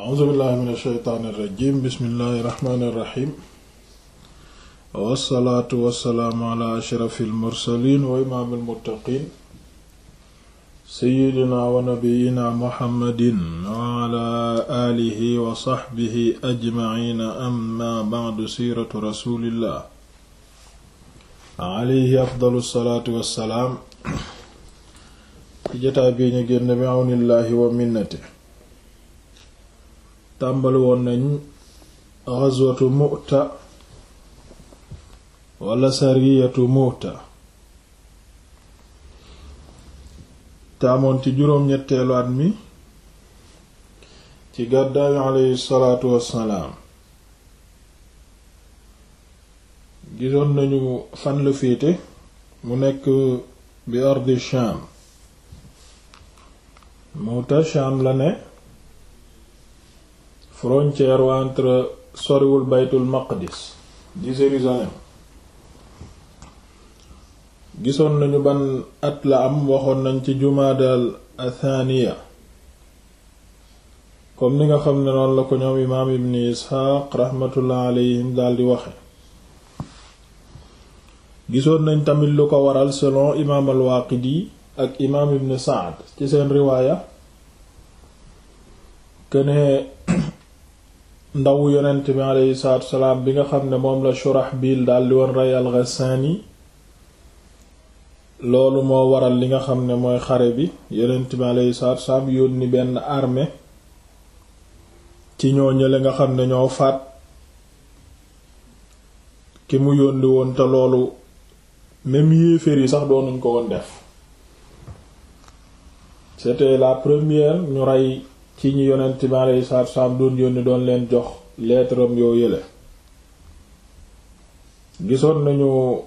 a'uuzu billahi min asheytaani irrajim bismillahi irrahmaani irrahim wassalaatu wassalaamu ala ashrafi almursalin wa imaam almuttaqin seyidina wa nabiyina muhammadin wa ala aalihi wa saxbihi ajmaciina amma bacdu siiratu rasulillah alayhi afdalu salaatu wassalaam ci jotaay bi ñu génn bi awnillahi wa minnatihi tàmbaliwoon nañ ghazwatu mu'ta wala sariyatu mu'ta taamoon ci juróom-ñetteelu at mi ci gàddaayu aleyhi salaatu wassalaam gisoon nañu fan la féete mu nekk bi ardi Shaam Mu'ta Shaam la ne frontière wa entre soriwul baytul maqdis di Jérusalem gisoon nañu ban at la am waxoon nañ ci jumaadal athaniya comme ni nga xam ne noonu la ko ñoom imaam ibn isxaaq raxmatullah alayhim daldi waxe gisoon nañ tamit lu ko waral selon imaam waaqidi ak imaam ibn Sa'd ci seen riwaaya këne ndaw yonent bi aleyhi salaatu bi nga xam ne moom la biil Shurahbil di woon rey al-Ghassani loolu moo waral li nga xam ne mooy xare bi yonent bi aleyhi salaatu wasalaam yónni benn armée ci ñoo ñële nga xam ne ñoo faat ki mu yónni woon te loolu même yéeféer yi sax doonuñ ko woon def c'était la première ñu rey ci ñu yonent bi alayhi salaatu wa salaam doon yónni doon leen jox lettre am yoo yële gisoon nañu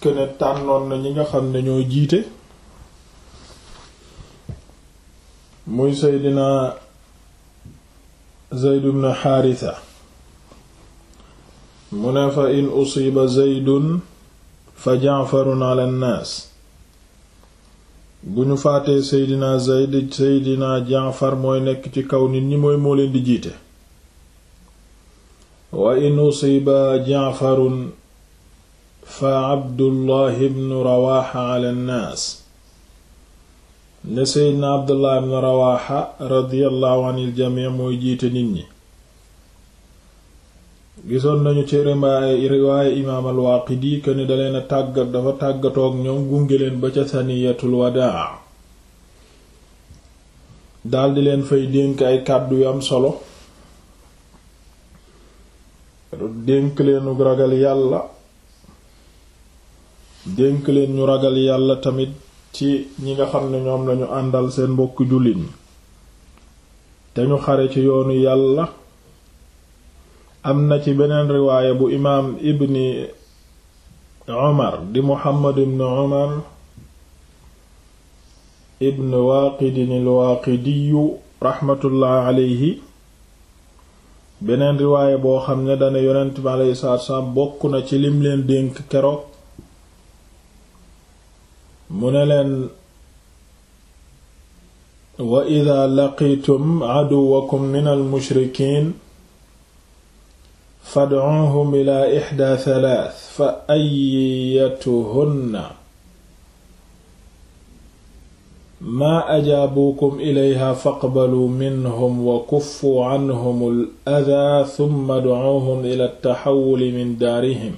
kene tànnoon na ñi nga xam ne ñoo jiite muy Seydina Zayd ibn Haarisa mu ne fa in usiba Zaydun fa Ja'farun ala an-naas bu ñu faatee seydina zayd seydina jaafar mooy nekk ci kaw nit ñi mooy moo leen di jiite wa in usiba jaafarun fa abdullahi bnu rawaxa ala ne seydina abdullah bnu rawaxa radiyallahu anil jamii mooy jiite nit ñi gisoon nañu ci rimaay riwaaye imaam al-Waaqidi këni daleen a tàggat dafa tàggatook ñoom gunge leen ba ca saniyatul wadaa daldi leen fay dénk ay kàddu yu am solo dénk leen ñu ragal yàlla dénk leen ñu ragal yàlla tamit ci ñi nga xam ne ñoom lañu àndal seen mbokk jullit ñi te ñu xare ci yoonu yàlla am na ci beneen riwaaya bu imaam ibni Umar di Muhammad ibn Umar ibn Waaqidin al-Waaqidiyu raxmatullaahi alayhi beneen riwaaya boo xam ne dana yonent bi alayhi salaatu salaam bokk na ci lim leen dénk keroog mu ne leen wa idaa laqiitum aduwakum min al mushrikiin fad'uuhum ilaa ixdaa thalath fa ayyatuhunna maa ajaabuukum ilayha faqbaluu minhum wa kuffuu canhum al-adaa thumma ad'uuhum ilaa at-taxawuli min daarihim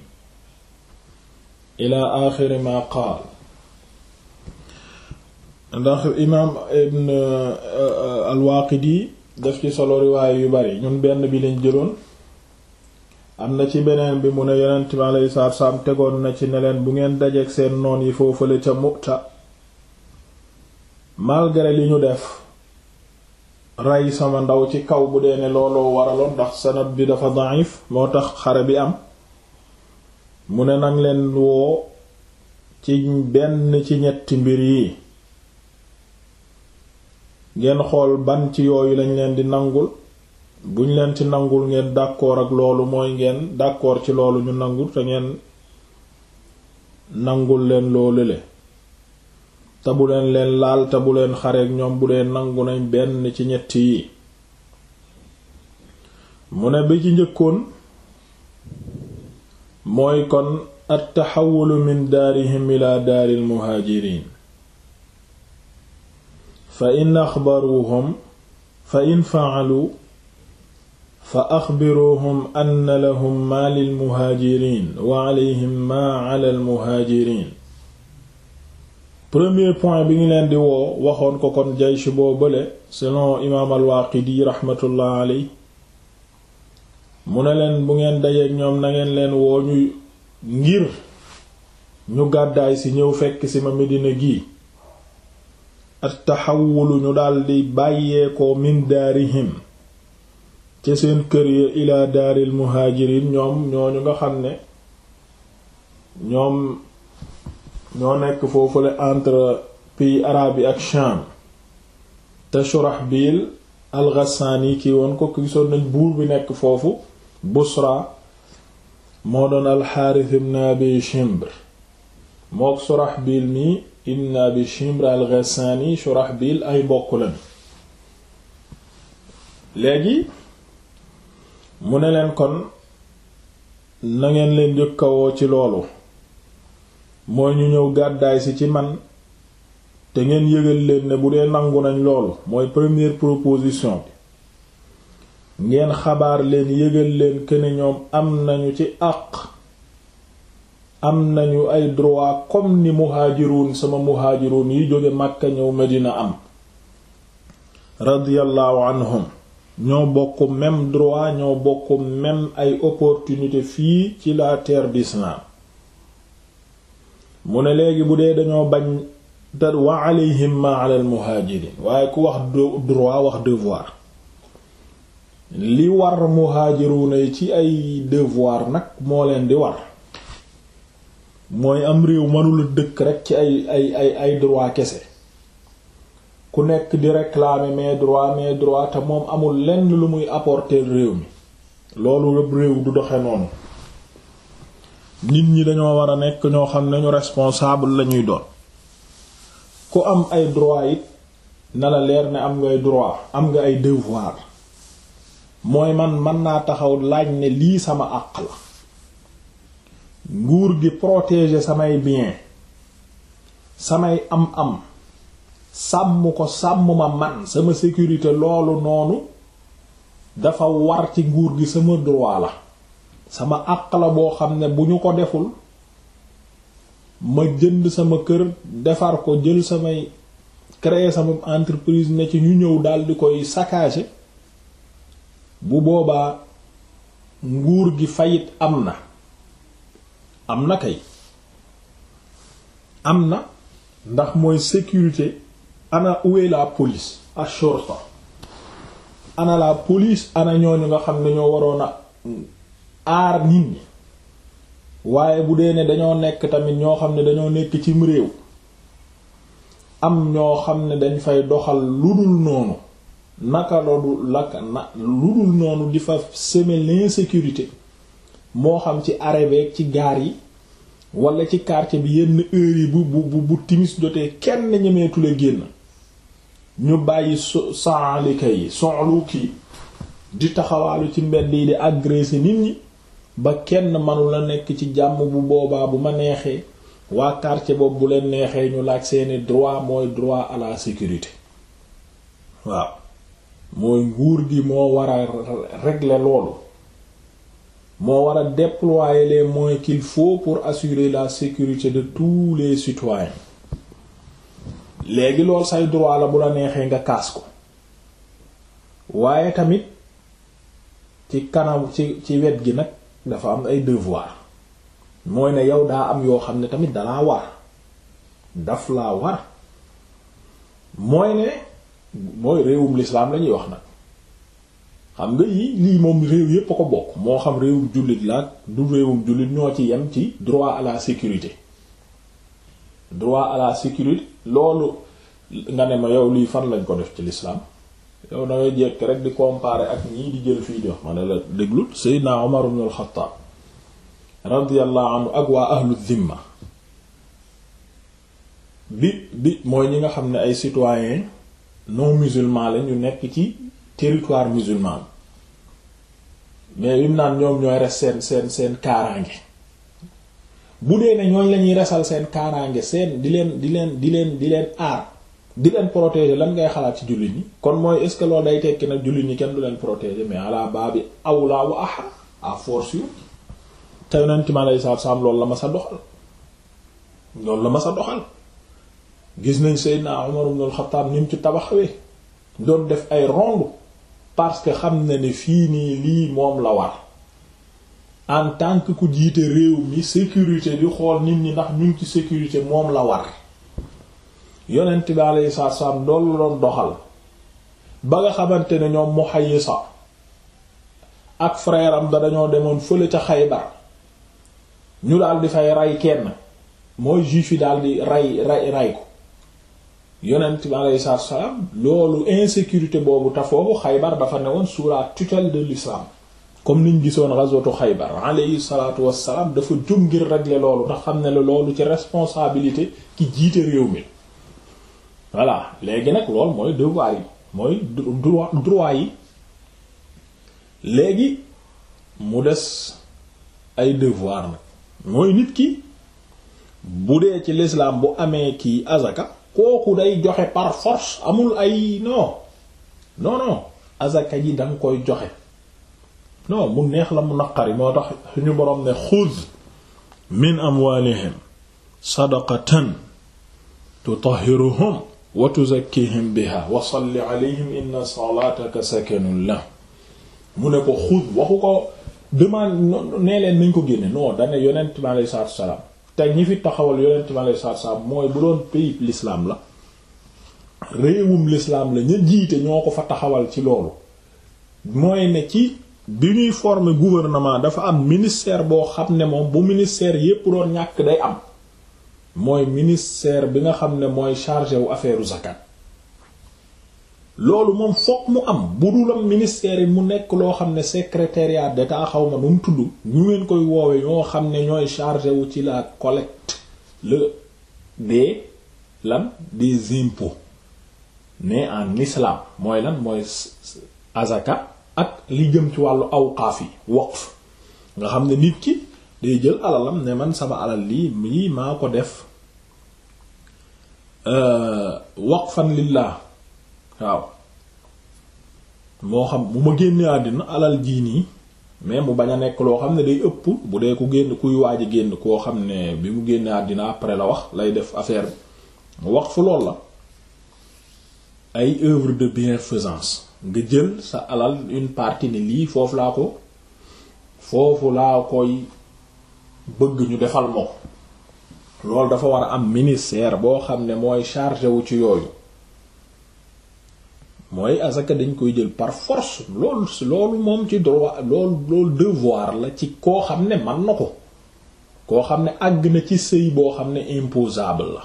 ilaa aaxiri maa qaal ndax imaam ibn uh, uh, al-Waaqidi daf ci solo riwaaya yu bari ñun benn bi lañ jëloon am na ci beneen bi mu ne yonent bi alayhi salaatu salaam tegoon na ci ne bu ngeen dajeek seen noon yi foofu foofale ca Mu'ta malgré li ñu def rey sama ndaw ci kaw bu dee ne looloo waraloon ndax sanad bi dafa da'if moo tax xare bi am mu ne nag leen woo ci benn ci ñetti mbir yi ngeen xool ban ci yooyu lañ leen di nangul buñ leen ci nangul ngeen d'accord ak loolu mooy ngeen d'accord ci loolu ñu nangul te ngeen nangul leen loolu le te bu leen leen laal te bu leen xareek ñoom bu dee nangu nañ benn ci ñett yi mu ne bi ci njëkkoon mooy kon at-tahawwul min daarihim ila daaril muhaajiriin fa wu axbaruhum fa in fa axbiruuhum anna lahum maa lilmuhaajiriin wa alayhim maa ala almuhaajiriin premier point bi ñu leen di woo waxoon ko kon jaysh boo bële selon imaam al raxmatullah aley mu ne leen bu ngeen dajeek ñoom na leen woo ñu ngir ñu gàddaay ci ñëw fekk ci ma Medina gi at taxawulu ñu daldi bàyyeekoo min ca seen kër yi ila daaril muhajirin ñoom ñooñu nga xam ne ñoom ñoo nekk foofule entre pays arabe yi ak Sham te Shurahbil al-Ghassani kii woon ko gisoon nañ buur bi nekk foofu Busra moo doon al-Harith ibn Abi Shimr mook Shurahbil mi ibn Abi Shimr al-Ghassani Shurahbil ay bokk lañ léegi mu ne leen kon nangeen leen jëkkawoo ci loolu mooy ñu ñëw gàddaay si ci man te ngeen yëgal leen ne bu dee nangu nañ loolu mooy première proposition bi ngeen xabaar leen yëgal leen que ñoom am nañu ci àq am nañu ay droit comme ni muhaajiruun sama muhaajiruun yi jóge Màkka ñëw Medina am radiyallahu anhum ñoo bokk même droit ñoo bokk même ay opportunité fii ci la terre d'islam mu ne léegi bu dee dañoo bañ da wa alayhim ma ala al waaye ku wax droit wax devoir li war muhajiruna yi ci ay devoir nag moo leen di war mooy am réew mënula dëkk rekk ci ay ay ay ay droit kese ku nekk di réclamer mais droit mais droits te moom amul lenn lu muy apporter réew mi loolu lépp réew du doxe noonu nit ñi dañoo war a nekk ñoo xam ne ñu responsable lañuy doon ku am ay droits it na la leer ne am ngay droit am nga ay devoir mooy man mën naa taxaw laaj ne lii sama àq la nguur gi protéger samay bien samay am-am sàmm ko sàmm ma man sama sécurité loolu noonu dafa war ci nguur gi sama droit la sama àq la boo xam ne bu ñu ko deful ma jënd sama kër defar ko jël samay créer sama entreprise ne ci ñu ñëw dal di koy saccager bu boobaa nguur gi fayit am na am na kay am na ndax mooy sécurité ana où la police ash ana la police ana ñooñu nga xam ne ñoo waroon a aar nit ñi waaye bu dee ne dañoo nekk tamit ñoo xam ne dañoo nekk cim réew am ñoo xam ne dañ fay doxal lu dul noonu naka loolu laka na lu dul noonu di fa semer l'insécurité moo xam ci arrêt ci gaar yi wala ci quartier bi yenn heure yi bu bu bu timis jotee kenn ñemeetule génn ñu bàyyi saalika yi sonluki di taxawaalu ci mbedd yi di agresser nit ñi ba kenn manu la nekk ci jàmm bu boobaa bu ma neexee waa quartier boobu bu leen neexee ñu laaj seeni droit mooy droit à la sécurité waaw mooy nguur gi moo war a loolu moo war a déployer les moyens faut pour assurer la sécurité de tous les citoyens léegi lool say droit la bu la neexee nga kaas ko waaye tamit ci kanam ci ci wet gi nag dafa am ay devoir mooy ne yow daa am yoo xam ne tamit dalaa war daf laa war mooy ne mooy réewum lislaam lañuy wax nag xam nga yi lii moom réew yépp a ko bokk moo xam réewum jullit la du réewum jullit ñoo ci yem ci droit à la sécurité droit à la sécurité loolu nga ne ma yow lii fan lañ ko def ci l'islam yow da ngay jekk rek di comparer ak ñii di jël fii di ma ne la déglul Seydina Omar ibn ak waa ahlu bi bi mooy ñi nga xam ne ay citoyens non musulmans lañu nekk ci territoire musulman mais yim naan ñoom ñooy res seen seen seen kaaraange bu dee ne ñooñ la ñuy resal seen kaaraange seen di leen di leen di leen di leen aar di leen protéger lan ngay xalaat ci jullit yi kon mooy est-ce que day tekki nag jullit ñi kenn du leen protéger mais ala baabi awla wa aha à force yu te yonent ma lay saab loolu la ma sa doxal loolu la ma sa doxal gis nañ Seydina Umar ibn al-Khattab ni mu ci tabaxawee doon def ay ronde parce que xam na ni fii nii lii moom la war en tant que ku jiite réew mi sécurité di xool nit ñi ndax ñu ci sécurité moom la war yonent bi alayhi salaatu salaam loolu doxal ba nga xamante ne ñoom mu Muhayyisa ak frère am da dañoo demoon fële ca Xaybar ñu daal di fay ray kenn mooy juif yi daal di ray rey rey ko yonent bi alayhi loolu insécurité boobu ta foofu Xaybar dafa newoon sous la tutelle de l'islam comme niñ gisoon ghazwatu Xaybar alayhi salaatu wassalaam dafa jóg ngir régler loolu ndax xam ne la loolu ci responsabilité ki jiite réew mi voilà léegi nag loolu mooy devoir yi mooy droit droit yi léegi mu des ay devoir nag mooy nit ki bu dee ci lislaam bu amee kii azaka kooku day joxe par force amul ay non non non azaka ji danga koy joxe non mu neex la mu naqari moo tax suñu boroom ne xuz min amwalihim sadaqatan tutahhiruhum wa tuzakkihim biha wa salli alayhim inna salataka sakanun la mu ne ko xuz waxu ko demande nee leen nañ ko génne non dane yonent bi aleyhi salaam te ñi fi taxawal yonent bi aleyhi salaatu salaam mooy bu doon pays l'islam la réewum l'islam la ña jiite ñoo ko fa taxawal ci loolu mooy ne ci bi ñuy former gouvernement dafa am ministère boo xam ne moom bu ministère yépp doon ñàkk day am mooy ministère bi nga xam ne mooy chargé wu affaire zakat loolu moom fokk mu am bu dulam ministère yi mu nekk loo xam ne secrétariat d'état xaw ma nu mu tudd ñu ngeen koy woowe ñoo xam ne ñooy chargé wu ci la collecte le des lan des impôts mais en islam mooy lan mooy azaka ak li jëm ci wàllu awqaaf yi waqf nga xam ne nit ki day jël alalam ne man sama alal lii lii maa ko def euh, waqfan lillah waaw moo xam bu ma génnee àddina alal jii nii mais mu bañ a nekk loo xam ne day ëpp bu dee ku génn kuy waaj a génn koo xam ne bi mu génnee àddina après la wax lay def affaire bi waqf lool la ay œuvre de bienfaisance nga jël sa alal une partie ni lii foofu laa ko foofu laa koy bëgg ñu defal moo loolu dafa war a am ministère boo xam ne mooy chargé wu ci yooyu mooy asaka dañ koy jël par force loolu loolu moom ci droit loolu loolu devoir la ci koo xam ne man na ko koo xam ne àgg na ci sëy boo xam ne imposable la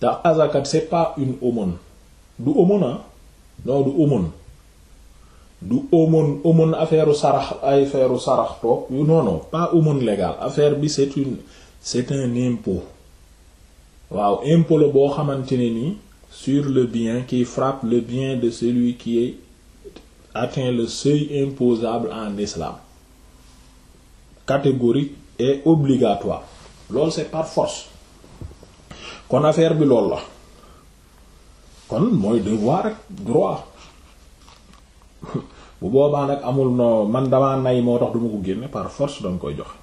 te asaka c'est pas une aumône du aumône non du aumône du aumône aumône affaire sarax ay affaire sarax toog yu non pas aumône légale affaire bi c'est une c'est un impôt waaw impôt la boo xamante ni nii sur le bien qui frappe le bien de celui qui est atteint le seuil imposable en islam catégorique et obligatoire loolu c'est par force kon affaire bi loolu la kon mooy devoir ak droit bu boobaa nag amul no man damaa nay moo tax duma ko génne par force danga koy joxe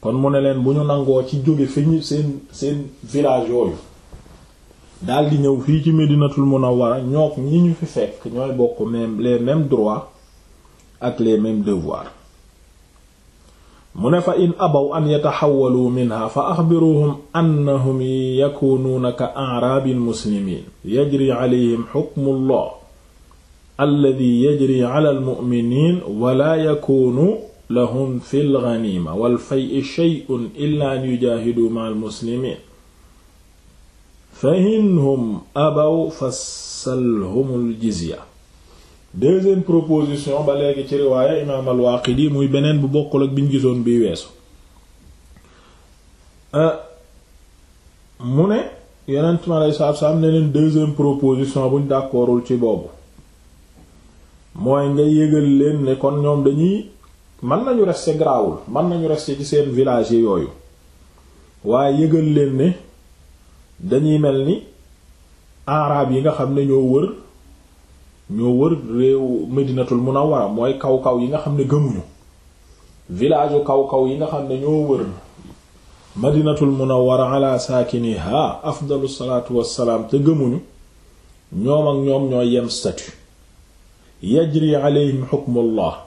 kon mu ne leen bu ñu nangoo ci jóge fi ñu seen seen village yooyu daal di ñëw fii ci Medinatul Munawwara ñook ñi ñu fi fekk ñooy bokk même les mêmes droits ak les mêmes devoirs mu ne fa in abaw an yataxawalu minha fa axbiruhum annahum yakunuuna ka aaraabin muslimiin yajri calayhim xukmullah alladi yajri cala almuminin wala yakunu lahum fi lganima walfay'i shay'un illa an yujaahiduu maca almuslimiin fa inhum abaw fasalhum aljizya deuxième proposition ba léegi ci riwaaya imaam al-Waaqidi muy beneen bu bokkul ak bi ñu gisoon bii weesu euh, mu ne yonent mi alayhi salaatu salaam ne leen deuxième proposition buñ d'accordul ci boobu mooy nga yëgal leen ne kon ñoom dañuy mën nañu rester garaawul mën nañu rester ci seen village yooyu waaye yëgal leen ne dañuy mel ni araab yi nga xam ne ñoo wër ñoo wër réew Medinatul Munawwara mooy kaw-kaw yi nga xam ne gëmuñu village kaw-kaw yi nga xam ne ñoo wër Madinatul Munawwara ala saakiniha afdalu salaatu wassalaam te gëmuñu ñoom ak ñoom ñoo yem statut yajri alayhim hukmullah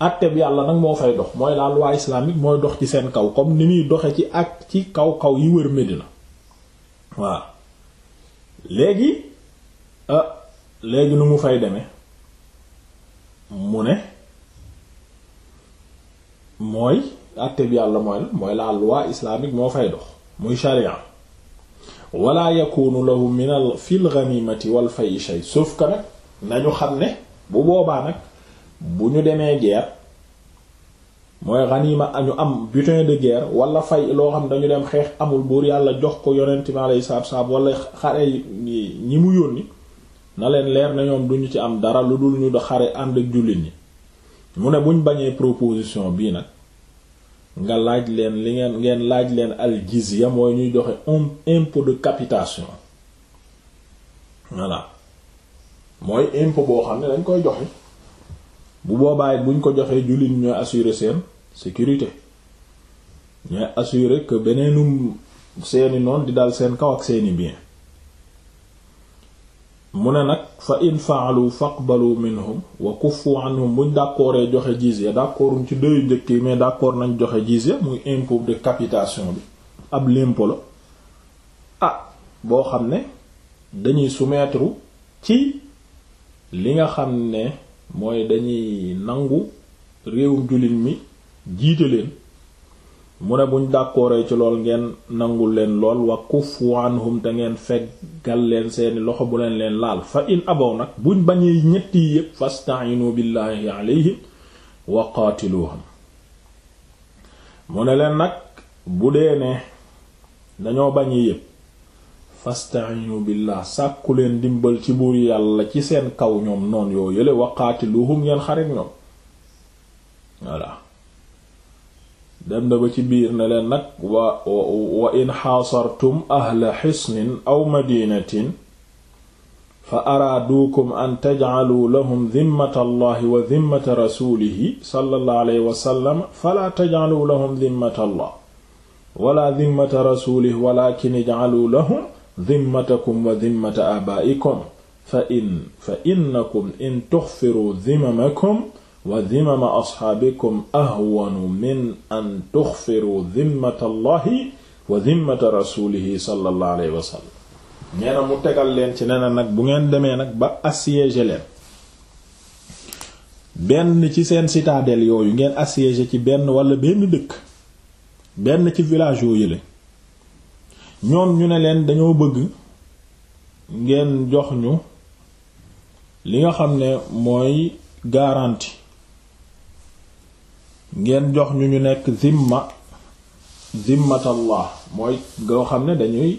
àtteb yàlla nag moo fay dox mooy la loi mooy dox ci seen kaw kom ni muy doxe ci ak ci kaw-kaw yi wër Medina waaw léegi euh, léegi nu mu fay demee mu ne mooy àtte bi yàlla mooy la mooy la loi islamique moo fay dox muy sharia wala yakunu lahu min al fil ghanimati wal fay shay sauf que nag nañu xam ne bu boobaa nag bu ñu demee guerre mooy ghanima añu am butin de guerre wala fay loo xam dañu dem xeex amul buur yàlla jox ko yonent bi alayhi salaatu wa salaam xare yi ñi mu yónni na leen leer na ñoom duñu ci am dara lu dul ñu xare ànd ak jullit ñi mu ne buñ bañee proposition bii nag nga laaj leen li ngeen ngeen laaj leen aljizya mooy ñuy joxe impôt de capitation voilà mooy impôt boo xam ne dañ koy joxe bu boobaay buñ ko joxee jullit ñooy assurer seen sécurité ñooy assurer que beneenum seeni noon di dal seen kaw ak seeni bien mu ne nag fa in faalu faqbalu minhum wa kuffu anhum buñ d'accordee joxe jizya d'accorduñ ci dëyu njëkk yi mais d'accord nañ joxe jizya muy impôt de capitation bi ab l'impôt la ah boo xam ne dañuy soumettre ci li nga xam ne mooy dañuy nangu réewum jullit mi jiite leen mu ne buñ dàkkooree ci lool ngeen nangul leen lool wa kufu anhum te ngeen feggal leen seeni loxo bu leen leen laal fa in abaw nag buñ bañee ñetti yi yépp fasta'inu billahi alayhim wa qaatiluhum mu ne leen nag bu dee ne dañoo bañ yi yépp fasta'inu billah sàkku leen dimbal ci buur yàlla ci seen kaw ñoom noon yoo yële wa qaatiluhum ngeen xarit ñoom voilà dem na ba ci biir ne leen nag wa wa in xaasartum ahla xisnin aw madinatin fa araaduukum an tajcaluu lahum dimmata allahi wa dimmata rasulihi sallallahu alayhi wa sallam falaa tajcaluu lahum dimmata allah wala dimmata rasulih walakin ijcaluu lahum dimmatakum wa dimmata aabaa'ikum fa in fa innakum in tuxfiruu dimamakum wa dhimama asxaabikum ahwanu min an tuxfiru dhimmata wa dhimmata rasulihi sallallahu wa sallam nee mu tegal leen ci nee nag bu ngeen demee nag ba assiéger leen benn ci seen citadelle yooyu ngeen assiéger ci benn wala benn dëkk benn ci village yoo yële ñoom ñu ne leen dañoo bëgg ngeen jox ñu li nga xam ne mooy garantie ngeen jox ñu ñu nekk zimma zimmatallah mooy goo xam ne dañuy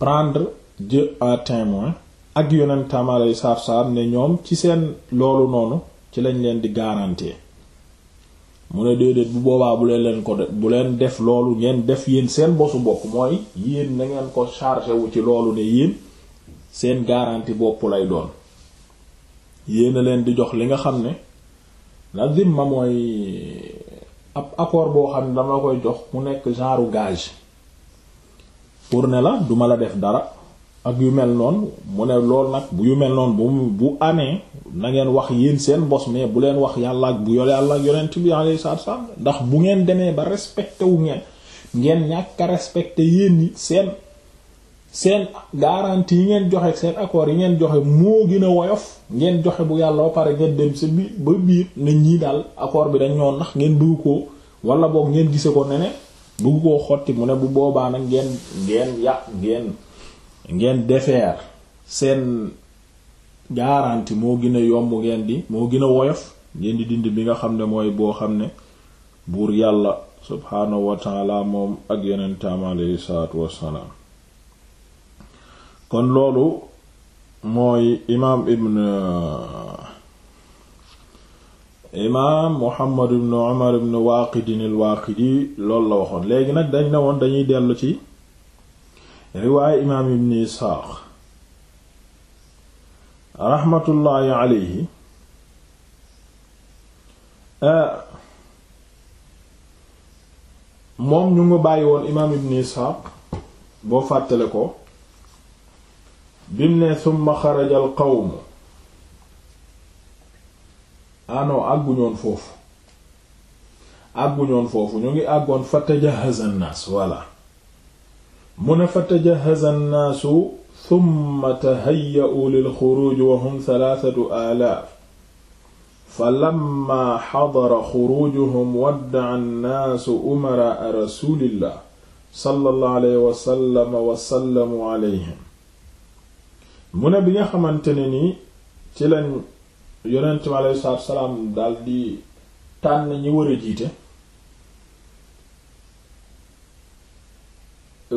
prendre Dieu en témoin ak yonentam yu saar-saar ne ñoom ci seen loolu noonu ci lañ leen di garantie mu ne déedéet bu boobaa bu leen leen ko def bu leen def loolu ngeen def yéen seen bosu bopp mooy yéen na ko chargé wu ci loolu ne yéen seen garanti bopp lay doon yéen leen di jox li nga xam ne la zimma mooy ab accord boo xam ne dama koy jox mu nekk genre gage pour ne la duma la def dara ak yu mel noonu mu ne lool nag bu yu mel noonu bu bu amee nangeen wax yéen seen bos mais bu leen wax yàlla ak bu yole yàlla ak yonent bi alayhi salaam ndax bu ngeen demee ba respecté wu ngeen ngeen ñàkk a respecté yéen seen seen garantie yi ngeen joxe seen accord yi ngeen joxe moo gën a woyof ngeen joxe bu yàlla ba pare ngeen dem sa bi ba biir nit ñii daal accord bi dañ ñoo nax ngeen dugg ko wala boog ngeen gise ko nene bugg koo xotti mu ne bu boobaa nag ngeen ngeen yàq ngeen ngeen defeer seen garantie moo gën a yomb ngeen di moo gën a woyof ngeen di dindi bi nga xam ne mooy boo xam ne buur yàlla subhaanahu wa taala moom ak yonentaam alayhi salaatu wassalaam kon loolu mooy imaam ibn imaam Muhammad ibn Umar ibn Waaqidin al loolu la waxoon léegi nag dañ ne woon dañuy dellu ci riwaay imaam ibn Isxaaq raxmatullaahi alayhi eh, moom ñu ngi bàyyi woon imaam ibn Isxaaq boo fàttale ko bim ne summa xaraja al qawmu ano ah àgguñoon foofu àgguñoon foofu ñu ngi àggoon fa tajahaza nnaas voilà mu ne fa tajahaza nnaasu summa tahayya'u lil xuruj wa hum thalathatu alaaf falamma xadara xurujuhum wadda'a nnaasu umara'a rasulillah sallallahu alayhi wa sallam wa sallamu alayhim mu ne bi nga xamante ne nii ci lañ yonent mi aleyhi salaatu salaam dal di tànn ñi war a jiite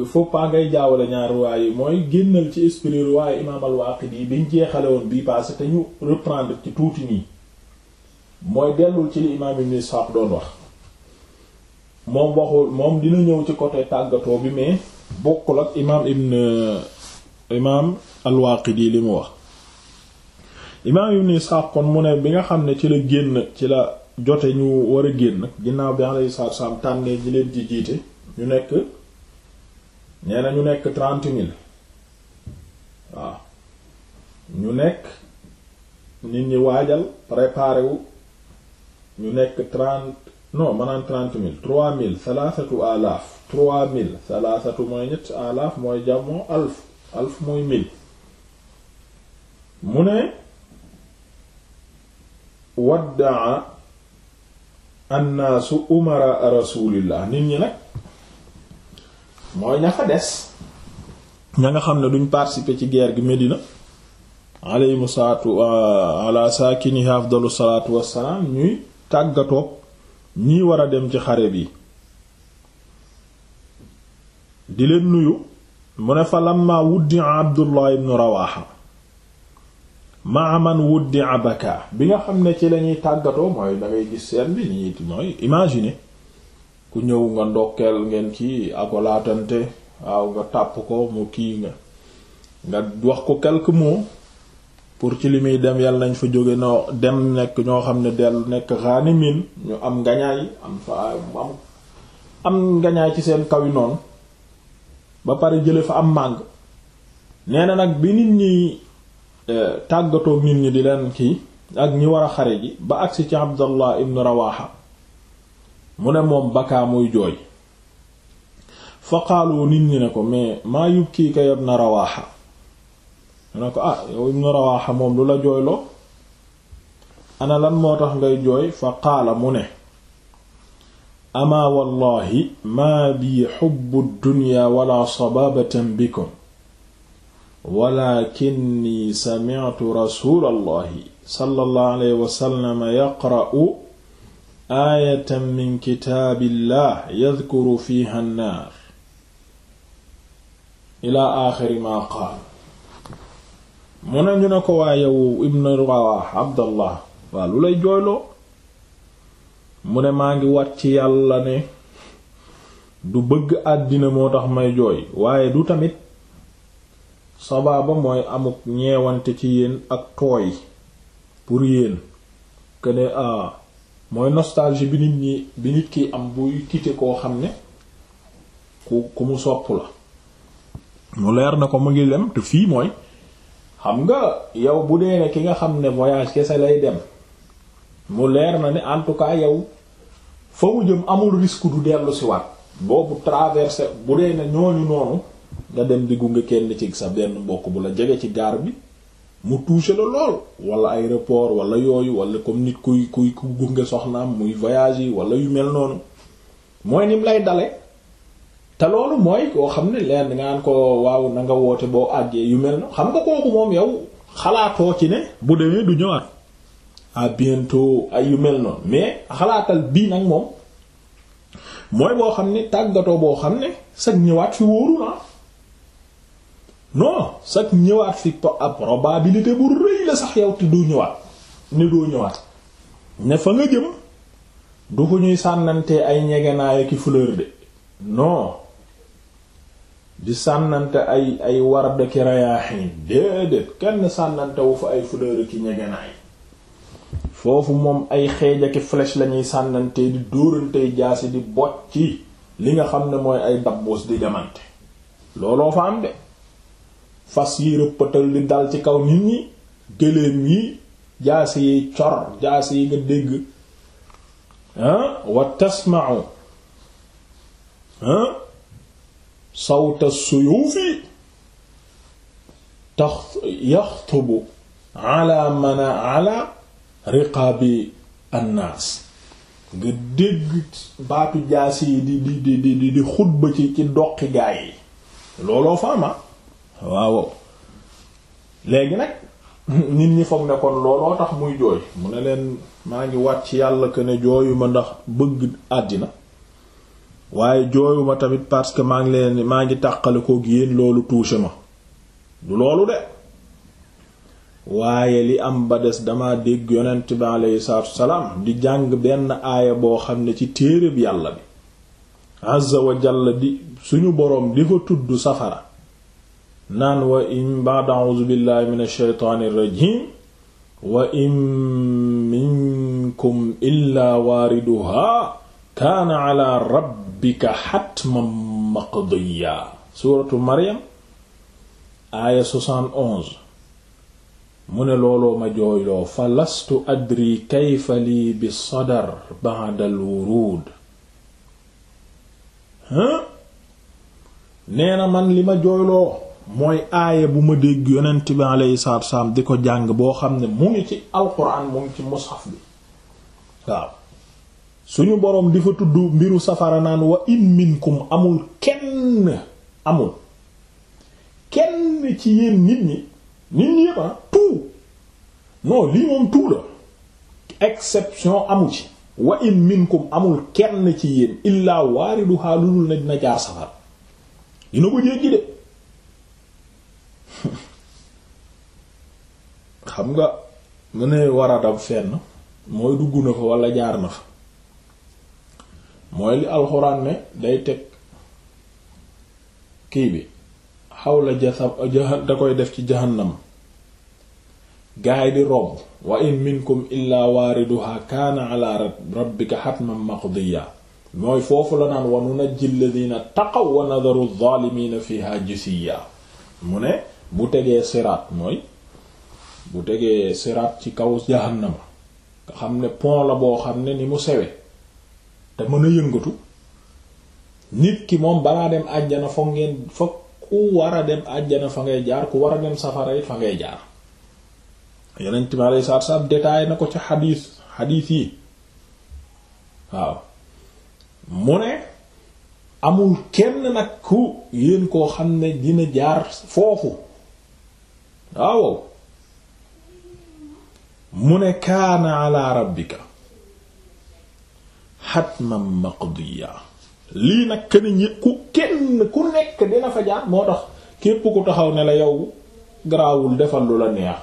faut pas ngay jaawale ñaar riwaay yi mooy génnal ci esprit riwaay imaam al-Waaqidi yi biñ jeexale woon bii passé te ñu reprendre ci tuuti nii mooy dellul ci li imaam Ibn Isxaaq doon wax moom waxul moom dina ñëw ci côté tàggatoo bi mais bokkul ak imaam Ibn imaam al-Waaqidi li mu wax imaam Ibn Isxaaq kon mu ne bi nga xam ne ci la génn ci la jote ñu war a génn ginnaaw bi alayhi salaatu salaam tànnee ji leen di jiite ñu nekk nee na ñu nekk trente mille waaw ñu nekk nit ñi waajal préparé wu ñu nekk trente non maanaam trente mille trois mille salaasatu alaaf trois mille salaasatu mooy ñett alaaf mooy jàmmoo alf alf mooy mille mu ne waddaa annaasu umara rasulillah nit ñi nag mooy ña fa des ña nga xam ne duñ participer ci guerre gi Medina aleyhimu salaatu ala saakini afdalu salaatu wassalaam ñuy tàggatoog ñi war a dem ci xare bi di leen nuyu mu ne fa lamma wuddi abdullah ibnu rawaxa wut wuddi abaka bi nga xam ne ci lañuy tàggatoo mooy da gis seen bi ni mooy imaginer ku ñëw nga ndokkeel ngeen kii akolaatante waaw nga tàpp ko mu kii nga nga wax ko quelques mots pour ci li muy dem yàlla nañ fa jóge noo dem nekk ñoo xam ne dellu nekk ghanimin ñu am ngañaay am fa am ngañaay ci seen kaw yi noonu ba pare jële fa am màng nee nag bi nit ñi Euh, tàggatoog nit ñi di leen kii ak ñi war a xare ji ba agsi ci Abdallah ibn Rawaha mu ne moom bakaa muy jooy fa qaalu nit ñi ne ko mais maa yubkiika ya ibn Rawaha mu ne ko ah yow ibn Rawaha moom lu la jooyloo ana lan moo tax ngay jooy fa qaala mu ne amaa wallahi maa bi xubbu dunya wala bi ko walakinni sami'tu rasulallahi sallallahu alayhi wa sallam yaqra'u aayatan min kitaabillah yadkuru fiha an-naar ila axiri ma qaal mu ne ñu ne ko waayewu ibnu rawax abdallah waa lu lay jooyloo mu ne maa ngi wat ci yàlla ne du bëgg àddina moo tax may jooy waaye du tamit sabaaba mooy amuk ñeewante ci yéen ak tooy pour yéen que ah, mooy nostalgie bi nit ñi bi nit ki am buy kite koo xam ne ku ku mu sopp la mu leer na ko mu ngi dem te fii mooy xam nga yow bu dee ne ki nga xam ne voyage kese lay dem mu leer na ne en tout cas yow fa jëm amul risque du dellu si waat boobu traversé bu dee ne ñooñu noonu nga dem di gunge kenn ci sa benn mbokk bu la jege ci gaar bi mu touché la lool wala aéroport wala yooyu wala comme nit kuy kuy ku gunge soxnaam muy voyage yi wala yu mel noonu mooy nim lay dale te loolu mooy koo xam ne leen nga naan ko waaw na nga woote boo àggee yu mel noonu xam nga kooku moom yow xalaatoo ci ne bu demee du ñëwaat à bientôt ay yu mel noonu mais xalaatal bii nag moom mooy boo xam ne tàggatoo boo xam ne sag ñëwaat fi wóoru na non sax ñëwaat fi probabilité bu rëy la sax yow te doo ñëwaat ne doo ñëwaat ne fa nga jëm du fu ñuy sànnante ay ñegenaay ki fleur de non di sànnante ay ay warda ki rayaaxin déedéet kenn sànnante wu fa ay fleur ki ñegenaay foofu moom ay xeej ak flèche lañuy sànnante di dóorantey jaasi di bocci li nga xam ne mooy ay dabboos di jamante looloo fa am de fas yi rëppatal li dal ci kaw nit ñi gëléem yi jaasi yi cor jaasi yi nga dégg ah, wa tasma'u ah, sawta suyuufi tax yaxtubu ala mana ala riqaabi annaas nga dégg baatu jaasi yi di di di di di xutba ci ci doqi gaay yi looloo faama ah. waaw léegi nag nit ñi foog ne kon looloo tax muy jooy mu ne leen maa ngi wàcc yàlla ko ne jooyu ma ndax bëgg àddina waaye jooyu ma tamit parce que maa ngi leen maa ngi tàqale koog loolu touché ma du loolu de waaye li am ba des dama dégg yonent bi aleyhi salaam di jàng benn aaya boo xam ne ci téereb yàlla bi azza wa jalla di suñu boroom di fa tudd safara naan wa in ba'da a'uuzu billahi min ash-shaytaani rajiim wa in minkum illaa waariduhaa kaana ala rabbika xatman maqdiya suuratu maryam aaya 71 mu ne looloo ma jooyloo fa lastu adri kayfa lii bi sadar ba'da al-wuruud nee na man li ma jooyloo mooy aaya bu ma dégg yonent bi alayhi salaatu wasalaam di ko jàng boo xam ne mu ngi ci alquran mu ci mushaf bi waaw suñu boroom di fa tudd mbiru safara naan wa in amul kenn amul kenn ci yéen nit ñi nit ñi yépp ah, tout non lii moom tout la exception amu ci wa in amul kenn ci yéen illaa waariduhaa lu dul na dina jaar safara dina ko jéggi de xam nga mu ne war a dab fenn mooy dugg na fa wala jaar na fa mooy li alxuraan ne day teg kii bi xaw la da koy def ci jahannam gaay di romb wa in minkum illaa waariduha kaana ala rabbika xatman maqdiya mooy foofu la naan wa nunajji alladina taqaw wa nadaru zaalimiina fiha jisiya mu ne bu tegee siraat mooy bu tegee siraat ci kaw jahannama nga xam ne pont la boo xam ne ni mu sewe te mën a yëngatu nit ki moom balaa dem àjjana foog ngeen foog ku jaar ku war a dem safara fa ngay jaar yonent bi ko ci xadiis xadiis yi waaw mu kenn ku yéen koo xam ne dina jaar foofu waaw mu ne kaana ala rabbika xatman maqdiya lii nag kene ñi ku kenn ku nekk dina fa moo tax képp ku taxaw ne la yow garaawul defal lu la neex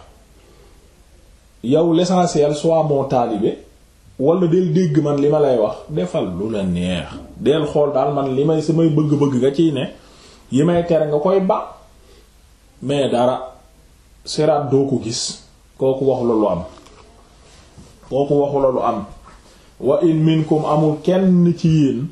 yow l'essentiel soit moo taalibe wala del dégg man li ma lay wax defal lu la neex del xool daal man li may samay bëgg-bëgg nga ci ne yi may tere nga koy ba mais dara seraat doo ko gis kooku wax lu lu am kooku waxu la lu am wa in amul kenn ci yéen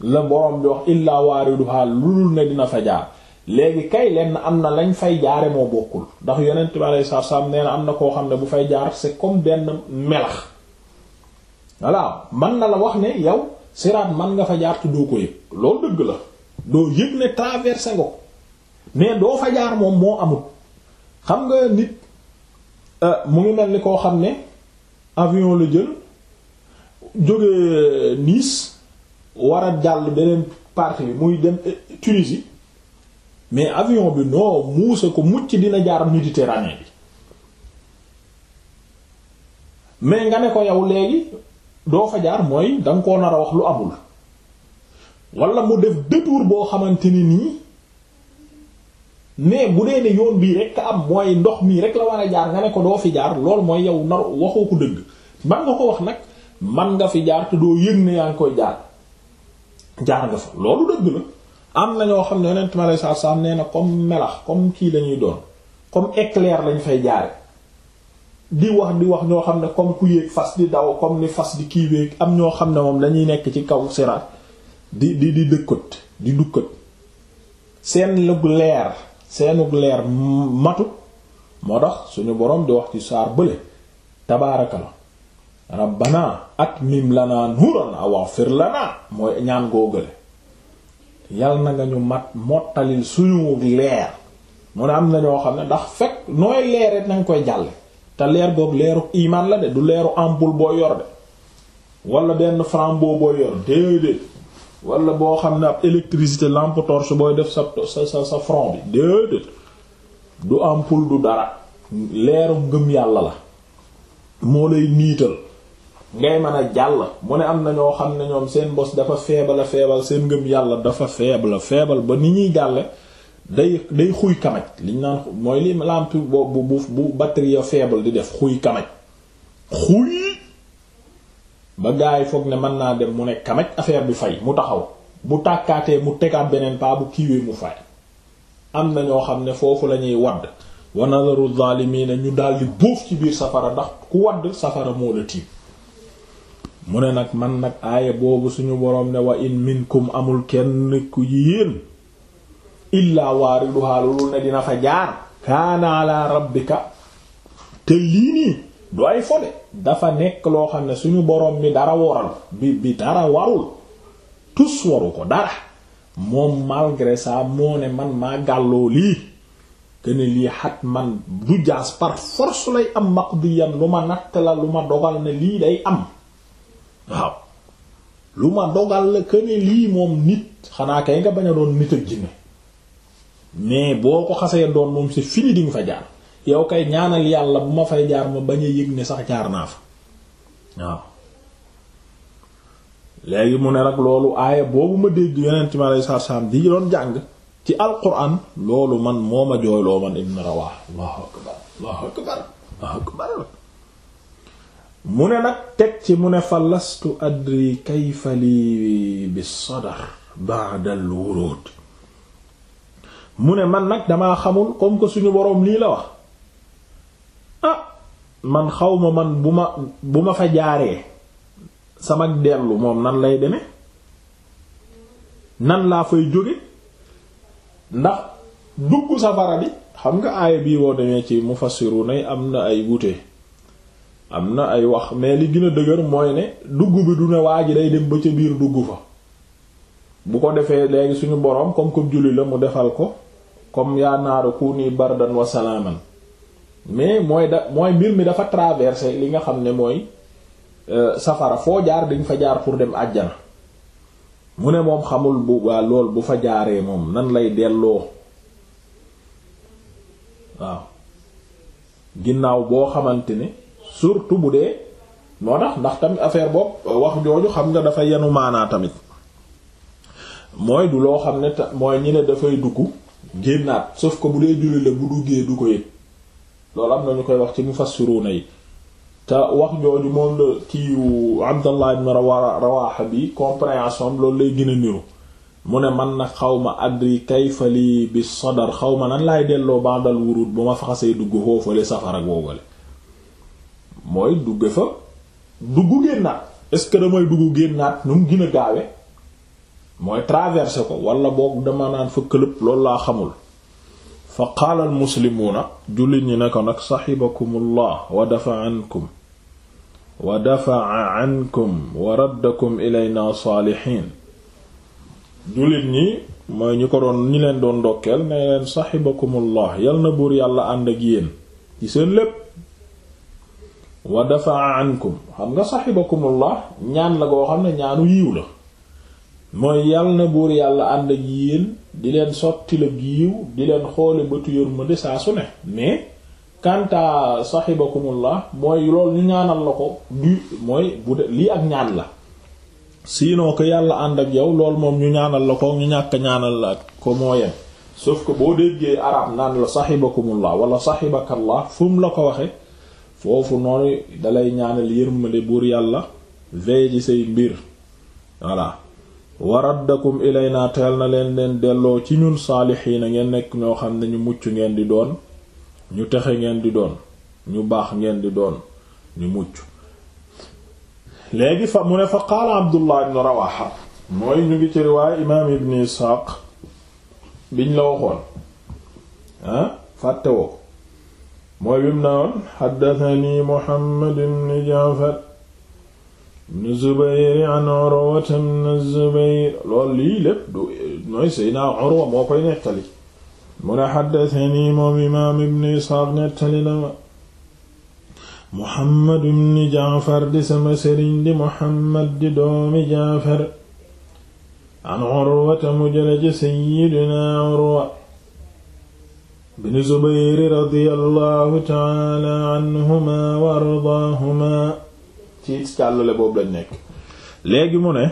la borom bi wax illaa waariduha lulul ne dina fa jaar léegi kay lenn am na lañ fay jaare moo bokkul ndax yonent bi alayhi am na koo xam ne bu fay jaar c'est comme benn melax voilà man na la wax ne yow siraat man nga fa jaar te ko yëg loolu dëgg la doo yëg ne traversé nga ko doo fa jaar moom moo amut xam nga nit euh, mu ngi mel ni koo xam ne avion la jël jóge Nice war a jàll beneen partie muy dem eh, Tunisie mais avion bi non muusa ko mucc dina jaar Méditerranée bi mais nga ne ko yow léegi doo fa jaar mooy danga koo nar wax lu amul wala mu def détour boo xamante ni nii mais bu dee ne yoon bii rek am mooy ndox mii rek la war a jaar nga ne ko doo fi jaar loolu mooy yow nar waxoo ko dëgg man nga ko wax nag man nga fi jaar te doo yëg ne yaa ngi koy jaar jaar nga fa loolu dëgg la am na ñoo xam ne yonent ma lay saa nee na comme melax comme kii lañuy doon comme éclair lañu fay jaare di wax di wax ñoo xam ne comme ku yéeg fas di daw comme ni fas di kii wéeg am ñoo xam ne moom lañuy nekk ci kaw siraat di di di dëkkat di dukkat seen lu leer seenu leer matut moo tax suñu boroom di wax ci saar bële tabaaraka la rabbana atmim lana nuurana waghfir lana mooy ñaan googale yal na nga ñu mat mottalil suñu leer mu ne am na ñoo xam ne ndax fekk nooy leere nañ koy jàlle te leer goog leeru imaan la de du leeru ampoule boo yor de wala benn flambeau boo yor déedéet wala boo xam ne ab électricité lampe torche booy def sa sa sa front bi déedéet du ampoule du dara leeru ngëm yàlla la moo lay niital ngay mën a jàll mu ne am na ñoo xam ne ñoom seen bos dafa feebal a feebal seen ngëm yàlla dafa faible feebal ba ni ñuy jàlle day day xuy kamaj liñ naan mooy li lampe bu bu bu batterie faible di def xuy kamaj xuy ba gars yi foog ne mën naa dem mu ne kamaj affaire bi fay mu taxaw bu tàkkaatee mu tegaat beneen paa bu kiiwee mu fay am na ñoo xam ne foofu lañuy ñuy wadd wa nadaru zaalimiina ñu daldi bóof ci biir safara ndax ku wadd safara moo la tiim mu ne nag man nag aaya boobu suñu boroom ne wa in minkum amul kenn ku yéen illaa waariduhaa lu ne dina fa jaar kaana rabbika te lii nii du ay dafa nekk loo xam ne suñu borom bi dara waral bi bi dara warul tus waru ko dara moom malgré ça moo ne man maa gàlloo lii kene lii xat man du jaas par force lay am maqdiyan lu ma natt la lu ma dogal ne lii day am waaw lu ma dogal la lii moom nit xanaa kay nga bañ a doon nit ak jinne mais boo ko xasee doon moom si fini di nga fa jaar yow kay ñaanal yàlla bu ma fay jaar ma bañ a yëg ne sax jaar naa fa waaw léegi mu ne nag loolu aaya boobu ma dégg yeneen ci ma lay sarsam di doon jàng ci alquran loolu man moo ma jooyloo man ibn rawah mu ne nag teg ci mu ne fa lastu adri kayfa li bi sadar ba'da al mu ne man nag dama xamul comme que suñu boroom lii la wax ah man xawma man bu ma bu ma fa jaaree sama dellu moom nan lay deme nan laa fay jóge ndax dugg safara bi xam nga aaya bii boo demee ci mu mufassiru nay am na ay wuute am na ay wax mais li gën a dëgër mooy ne dugg bi du ne waa ji day dem ba ca biir dugg fa bu ko defee léegi suñu boroom comme comme julli la mu defal ko comme yaa naaru kuni bardan wa salaaman mais mooy da mooy mbir mi dafa traversé li nga xam ne mooy euh, safara foo jaar dañ fa jaar pour dem àjjana mu ne moom xamul bu waa lool bu fa jaaree moom nan lay delloo waaw ginnaaw boo xamante ne surtout bu dee moo tax ndax tamit affaire bopp euh, wax jooju xam nga dafa yenu maanaa tamit mooy du loo xam ne mooy ñi ne dafay dugg génnaat sauf ko bu dee julli la bu duggee du ko yëg loolu am na ñu koy wax ci mufassiruna yi te wax jooju moom la kiiwu Abdallah ibn Rawaha bi compréhension loolu lay gën a niru mu ne man nag xawma adri kayfa lii bi sadar xawma nan laay delloo bandal wurut bu ma faxasee dugg foofale safara googale mooy dugge fa dugg génnaat est-ce que damay dugg génnaat nu mu gën a gaawe mooy traversé ko walla boog dama naan fa këlëb loolu laa xamul fa qaala almuslimuuna jullit ñi ne ko nag saxibakumullah wa dafa ankum wa dafa'a ankum wa raddakum ilayna saalixiin jullit ñi mooy ñi ko doon ñi leen doon ndokkeel ne leen saxibakumullah yal na buur yàlla ànd ak yéen ci seen lépp wa dafa'a ankum xam nga saxibakumullah ñaan la goo xam ne ñaanu yiw la mooy yal na buur yàlla ànd ak yéen di leen sotti la giiw di leen xoole bëtu yërmande saa su ne mais kanta saxibakumullah mooy loolu ñu ñaanal la ko du mooy bu de lii ak ñaan la sinon que yàlla ànd ak yow lool moom ñu ñaanal la ko ñu ñàkk ñaanal la ko moo yem sauf que boo déggee arab naan la saxibakumullah wala saxibakallah fu la ko waxe foofu noonu dalay ñaanal yërmande buur yàlla veille ci say mbir voilà waraddakum ilayna teel na leen leen delloo ci ñun saalixiina ngeen nekk ñoo xam ne ñu mucc ngeen di doon ñu texe ngeen di doon ñu baax ngeen di doon ñu mucc léegi fa mu ne fa qaala abdullah ibn rawaxa mooy ñu ngi ci riwaaya imaam ibn isxaaq biñ la waxoon ah mooy bi mu woon xaddatani muhammad ibn ibn Zubayr an Urwa ibn Zubayr loolu lii lépp du mooy Seydina Urwa moo koy nettali mu ne xaddatani moom imaam ibn Isxaaq nettali na ma Muhammad ibn Jaafar di sama sëriñ di Muhammad di doomi Jaafar an Urwa ta mu jële ci Seydina Urwa ibn Zubayr radiyallahu ta'ala anhuma wa ardaahuma ci càllale boobu lañ léegi mu ne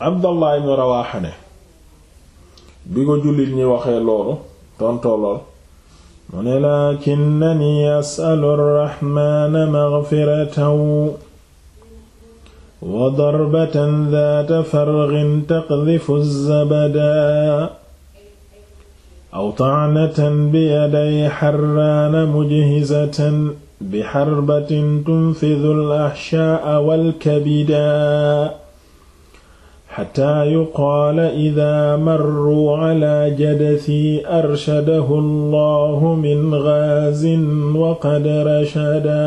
Abdallah ibn Rawaha ne bi ko jullit ñi waxee loolu tontoo lool mu ne lakinnani asalu arraxmaana magfiratan wa darbatan daata fargin taqdifu zabada aw taanatan biyadey xarraana mujhizatan bi xarbatin tunfidu al-ahshaa wal-kabida xataa yuqaala idaa marru calaa jadasii arshadahu allahu min gaazin wa qad rashadaa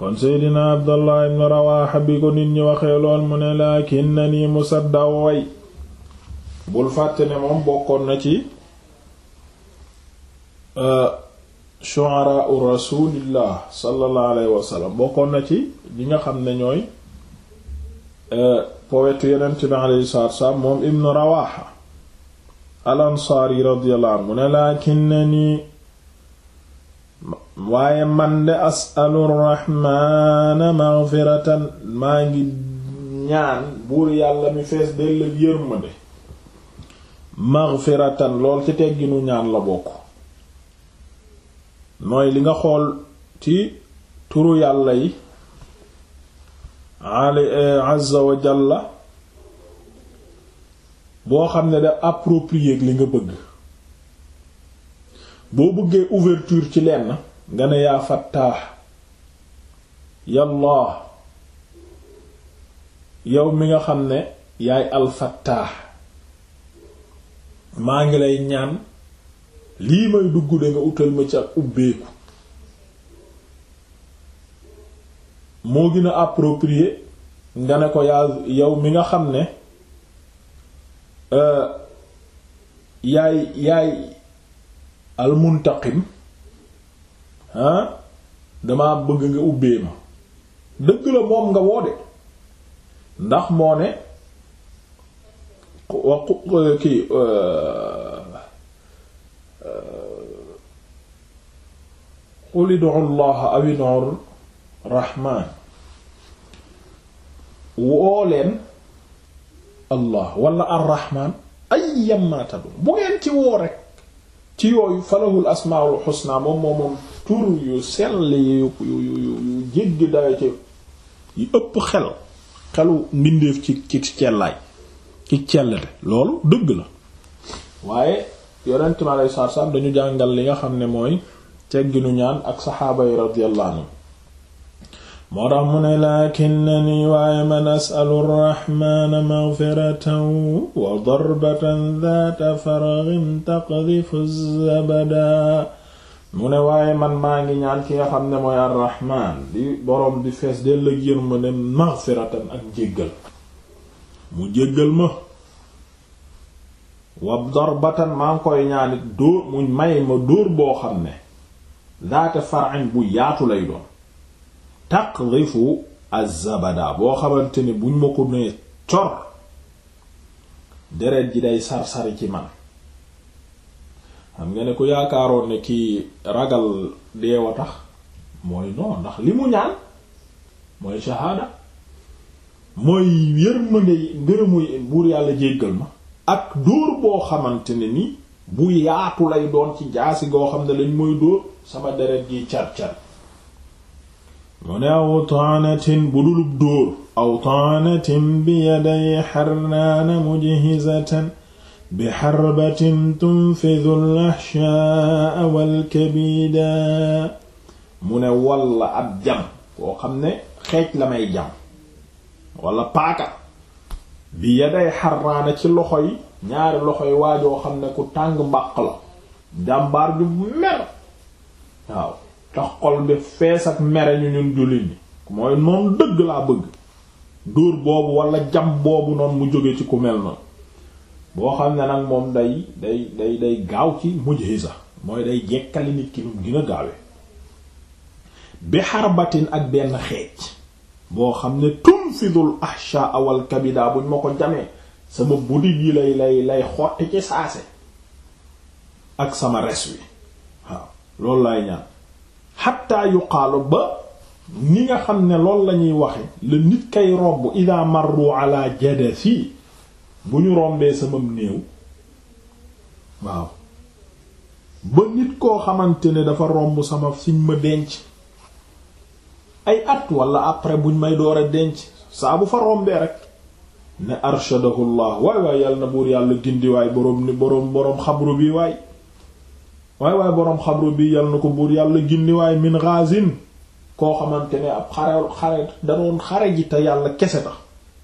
kon seydina abdallah ibn rawaaxa bi ko nit ñi waxee lool mu ne laakinnanii musaddaw way bul fàtte ne moom bokkoon na ci euh, shu'ara rasulillah sallallahu alayhi wa bokkoon na ci ñi nga xam ne ñooy e, poète yonent bi alayhi salaatu wassalaam moom ibnu rawaha al ansaari radiyallahu anhu mu ne lakinnani waaye man de asalu rahmaana maghfiratan maa ngi ñaan buur yàlla mi fees dell yërmande maghfiratan lool ci tegginu ñaan la bokk mooy li nga xool ci turu yàlla yi ali eh, azza wa boo xam ne da approprié li nga bëgg boo bëggee ouverture ci lenn nga ne yaa fattaax yàlla yow mi nga xam ne yaay alfattaax maa ngi lay ñaan lii may dugg de nga utal ma ci ak ubbeeku moo gën a approprié nga ne ko yaa yow mi nga xam ne euh, yaay yaay almuntaqim ah dama bëgg nga ubbee ma dëgg la moom nga woode ndax moo ne wa kii euh, qul id'u llaha aw id'u rahmaan woo leen allah wala arrahmaan ayyamma tadu bu ngeen ci woo rek ci yooyu falahul asmaul xusna moom moom tur yu sell yu yu yu jéggi dayo ci yu ëpp xel xelu mbindeef ci ci cellaay ci cellete loolu dëgg la waaye yonent mi aleyhi dañu jàngal li nga xam ne mooy tegginu ñaan ak saxaaba yi radiyallahu anhu moo tax mu ne lakinnani waaye man asalu rraxmaana magfiratan wa darbatan daata faragin taqdifu zabada mu ne waaye man maa ngi ñaan ki nga xam ne mooy arraxmaan di boroom di fees dell ak yërmande magfiratan ak jéggal mu jéggal ma wa darbatan maa ngi koy ñaanit dóor mu may ma dóor boo xam ne zaata far'in bu yaatu lay doon taqdifu az-zabada boo xamante ni buñ ma ko nee cor deret ji day sar-sari ci man xam nga ne ku yaakaaroon ne kii ragal deewa tax mooy non ndax li mu ñaan mooy shahaada mooy yërmande ngërëmu buur yàlla jéggal ma ak dóor boo xamante ne ni bu yaatu lay doon ci jaasi goo xam ne lañ mooy dóor sama deret gi car-car mu aw taanatin bu dulub dóor aw taanatin bi yaday xarnaana mujhizatan bi xarbatin tunfidu lahshaa walkabida mu ne walla ab jam koo xam ne xeej la may jam walla paaka bi yaday xarraana ci loxo yi ñaari loxo yi waajoo xam ne ku tàng mbàq la jàmbaar ju mer waaw tax xol bi fees ak mere ñu ñun jullit ñi mooy noonu dëgg laa bëgg dóor boobu wala jam boobu noonu mu jóge ci ku mel noonu boo xam ne nag moom day day day day gaaw ci mujj sax mooy day jekkali nit ki num gën a bi xarbatin ak benn xeej boo xam ne tunfidul ahsha awal kabida buñ ma ko jamee sama buddi yi lay lay lay xotti ci saase ak sama res wi loolu laay ñaan xatta yuqaalu ba ni nga xam ne loolu la ñuy waxe la nit kay robb ida marru ala jadasi bu ñu rombee sama néew waaw ba nit koo xamante ne dafa romb sama siñ ma denc ay at wala après buñ may door a denc saa bu fa rombee rek ne arshadahu llah waay yàlla na buur yàlla gindi waay boroom ni boroom boroom xabru bi waay waay waay boroom xabru bi yàlla na ko buur yàlla gindi waaye min ghazin koo xamante ne ab xare xare xare ji te yàlla kese tax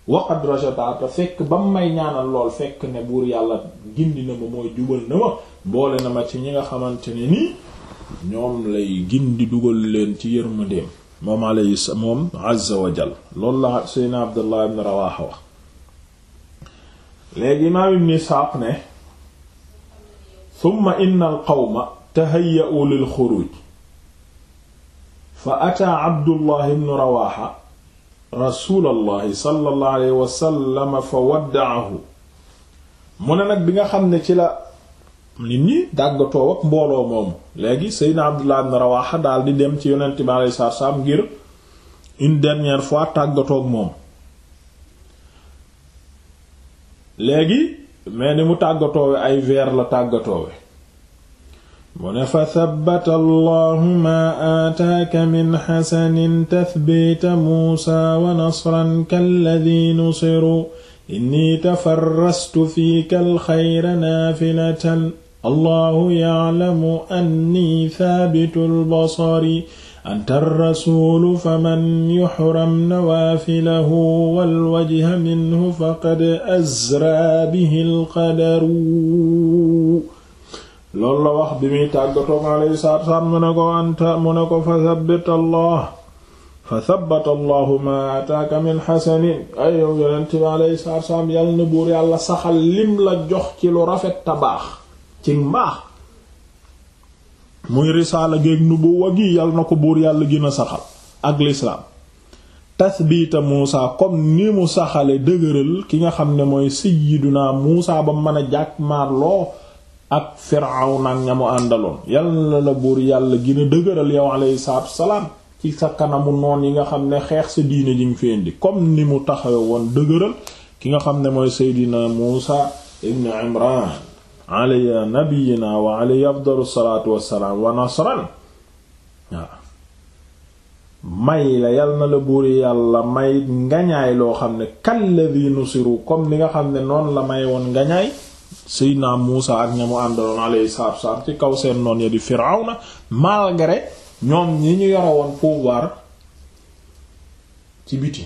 waqad rajataata fekk ba mu may ñaanal lool fekk ne buur yàlla gindi na ma mooy jubal na ma boole na ma ci ñi nga xamante ne nii ñoom lay gindi dugal leen ci yërmandeem moom alay moom azza wa jal loolu la seyna abdullah ibn rawaha wax léegi imaam ibn Isaaq ne summa inna alqawma tahayya'u lil xuruj fa ataa abdullah ibn rawaxa rasulallahi sallallahu alayhi fa wadda'ahu mu ne nag bi nga xam ne ci la nit ñi dàggatoo ak mbooloo moomu léegi seydna abdullah ibn rawaxa daal di dem ci yonent bi alayhi salaam ngir une dernière fois tàggatoog moom léegi mais ni mu tàggatoowe ay veer la tàggatoowe mu ne fa thabbata allahu maa aataaka min xasanin tathbiita muusa wa nasran kalladi nusiru inni tafarrastu fiika alxayra naafilatan allahu ya'lamu anni thaabitulbasari anta rasuulu faman yuxram nawaafilahu walwajha minhu faqad azraa bihi alqadaru loolu la wax bi muy tàggatoog alayhi salaatu salaam mu ne ko anta mu ne ko fa thabbit allah fa thabbata allahu ma ataaka min xasanin ay yow yonent bi alayhi salaatu salaam yal na buur yàlla saxal lim la jox ci lu rafet ta baax ci mbaax muy risaala géeg nubuwa gi yal na ko buur yàlla gën a saxal ak lislaam tasbiita muusa comme ni mu saxale dëgëral ki nga xam ne mooy sayyiduna muusa ba mën a jàkk maarloo ak firaw nag ñamu mu àndaloon yàlla la buur yàlla gën a dëgëral yow alayhi salaatu salaam ci sa kanamu noon yi nga xam ne xeex sa diine ji nga fi indi ni mu taxawe woon dëgëral ki nga xam ne mooy sayyidina muusa ibn imran alaya nabiyina wa alayhi afdalu may la yal na la buur yàlla may ngañaay loo xam ne kalladi nusiru comme li nga xam ne noonu la may woon ngañaay seydna Muusa ak ña àndaloon alayhi salaatu wassalaam ci kaw seen noon ya di Firawna malgré ñoom ñi ñu yore woon pouvoir ci biti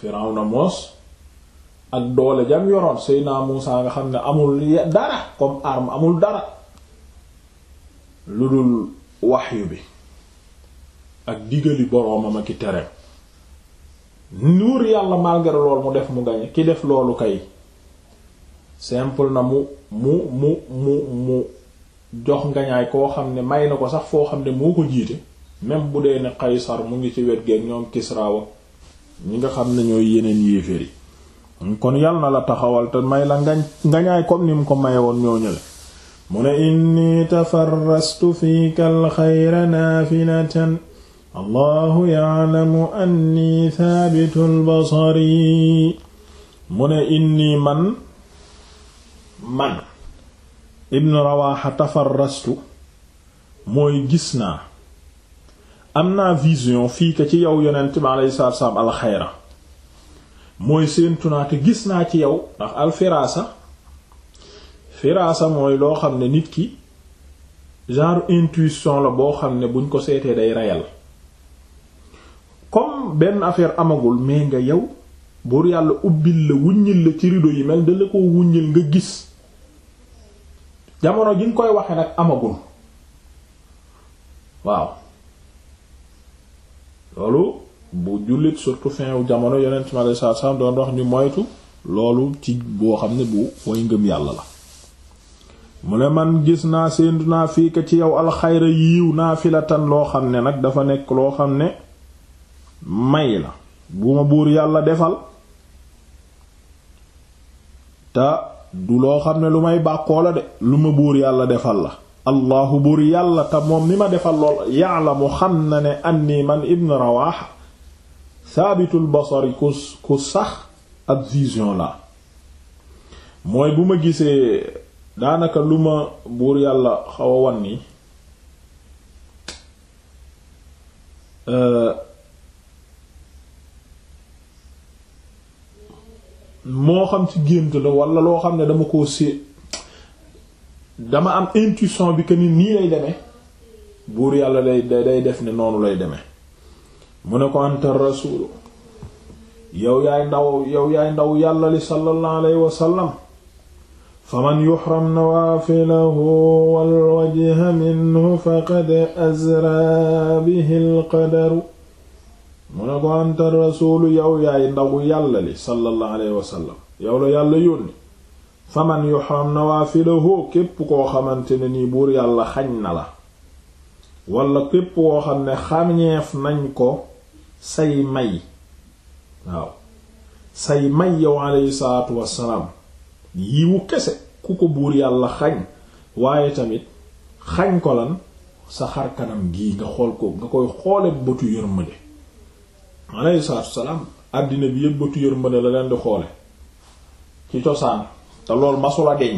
Firawna moos ak doole jam yoroon Seydina Muusa nga xam ne amul dara comme arme amul dara lu dul waxyu bi ak digali boroomam ak i tereem nuur yàlla malgré lool mu def mu gañe ki def loolu kay simple na mu mu mu mu mu jox ngañaay koo xam ne may na ko sax foo xam ne moo ko jiite même bu dee ne Qaysar mu ngi ci wet geeg ñoom Kisra wa ñi nga xam ne ñooy yeneen yéeféer yi kon yal la taxawal la ngañ mu ko maye woon ñoo ñële mu ne inni tafarrastu fiika alxayra naafinatan allahu ya'lamu anni thaabitul basari mu ne inni man ibnu rawaxa tafarrastu mooy gis naa am na vision fii ka ci yow yonent bi alayhi salaatu wa mooy seen naa gis naa ci yow ndax alfiraasa firaasa mooy loo xam ne nit ki genre intuition la boo xam ne buñ ko seetee day reyal comme benn affaire amagul mais nga yow buur yàlla ubbil la wuññil la ci rido yi mel da ko wuññil nga gis jamono ji nga koy waxe nag amagul waaw loolu bu jullit surtout fin wu jamono yeneen ci malay saa saam doon wax ñu moytu loolu ci boo xam ne bu way ngëm yàlla la mu ne man gis naa séentu naa fii ka ci yow alxayra yiiw naa fi la tan loo xam ne nag dafa nekk loo xam ne may la bu ma buur yàlla defal te du loo xam ne lu may bàkkoo la de lu ma buur yàlla defal la allahu buur yàlla te mi ma defal lool ya'lamu xam na ne anni man ibn rawaha saabitul basari ku ku sax ak vision la mooy bu ma gisee daanaka lu ma buur yàlla xaw a wan ni euh, moo xam ci gént la wala loo xam ne dama koo sé dama am intuition bi que nit nii lay demee buur yàlla day day def ne noonu lay demee mu ne ko anta rasuulu yow yaay ndaw yow yaay ndaw yàlla li sallallahu alayhi wasallam faman yuxram nawaafilahu wal wajha minhu faqad azraa bihi alqadaru mu ne ko anta rasuulu yow yaay ndaw yàlla li sallallahu alayhi wasallam yow la yàlla yónni faman yuxram nawaafilahu képp koo xamante ne nii buur yàlla xañ na la wala képp koo xam ne xañeef nañ ko say may waaw say may yow alayhi salaatu wassalaam yiwu kese ku ko buur yàlla xañ waaye tamit xañ ko lan sa xar kanam gi nga xool ko nga koy xoole bëtu yërmande alayhi salaatu wassalaam àddina bi yëpp bëtu yërmande la leen di xoole ci cosaan te loolu masula deñ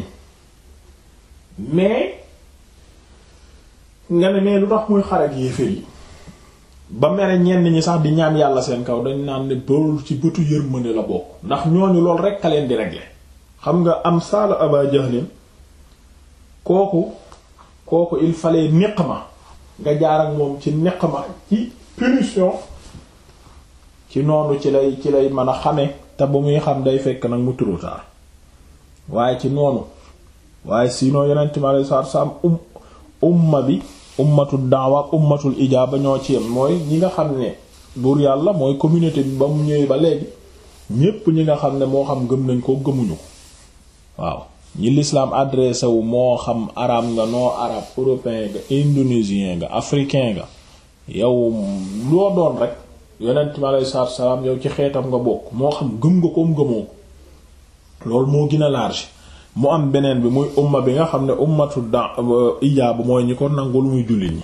mais nga ne mais lu tax muy xarak yéeféer yi ba mere ñenn ñi sax di ñaan yàlla seen kaw dañ naan ne bool ci bëtu yërmande la bokk ndax ñooñu lool rekk a leen di régler xam nga am saala aba jahlin kooku kooku il fallait ma nga jaar moom ci niqma ci punition ci noonu ci lay ci lay mën a xame te bu muy xam day fekk nag mu trop waaye ci noonu waaye sinon yeneen mi alei saatu salaam um umma bi ummatul daawa ak ummatul ijaaba ñoo ci mooy ñi nga xam ne buur yàlla mooy communauté bi ba mu ñëwee ba léegi ñépp ñi nga xam ne moo xam gëm nañ ko gëmuñu waaw ñi l'islam adressé wu moo xam arabe nga non arabe européen nga indonésien nga africain nga yow loo doon rek yonent mi aleyhi salaatu ci xeetam nga bokk moo xam gëm nga koom gëmoo ko loolu moo gën large mu am beneen bi muy umma bi nga xam ne ummatu da euh, ijaabu mooy ñi ko nangul muy jullit ñi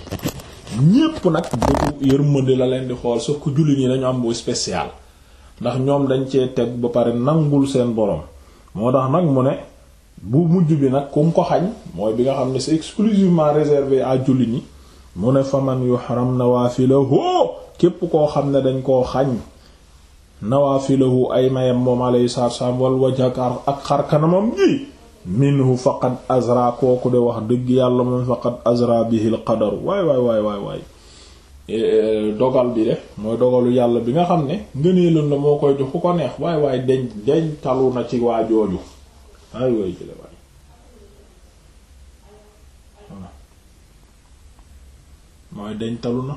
ñépp nag bëtu yërmande la leen di xool sauf que jullit ñi dañu am bu spécial ndax ñoom dañ cee teg ba pare nangul seen borom moo tax nag mu ne bu mujj bi nag ku mu ko xañ mooy bi nga xam ne c'est exclusivement réservé à jullit ñi mu ne faman yuhram nawaafilahu képp koo xam ne dañ koo xañ nawaafilahu ay mayam moom alayhi salaam wal wajh ak xar kanamam gi minhu faqad azra kooku de wax dëgg yàlla moom faqad azra bihi al qadar waay waay e, e, dogal bi de mooy dogalu yàlla bi nga xam ne ngëneelam la moo koy jox ku ko neex waay waaye deñ deñ ci waa jooju waay jële waay mooy deñ talu na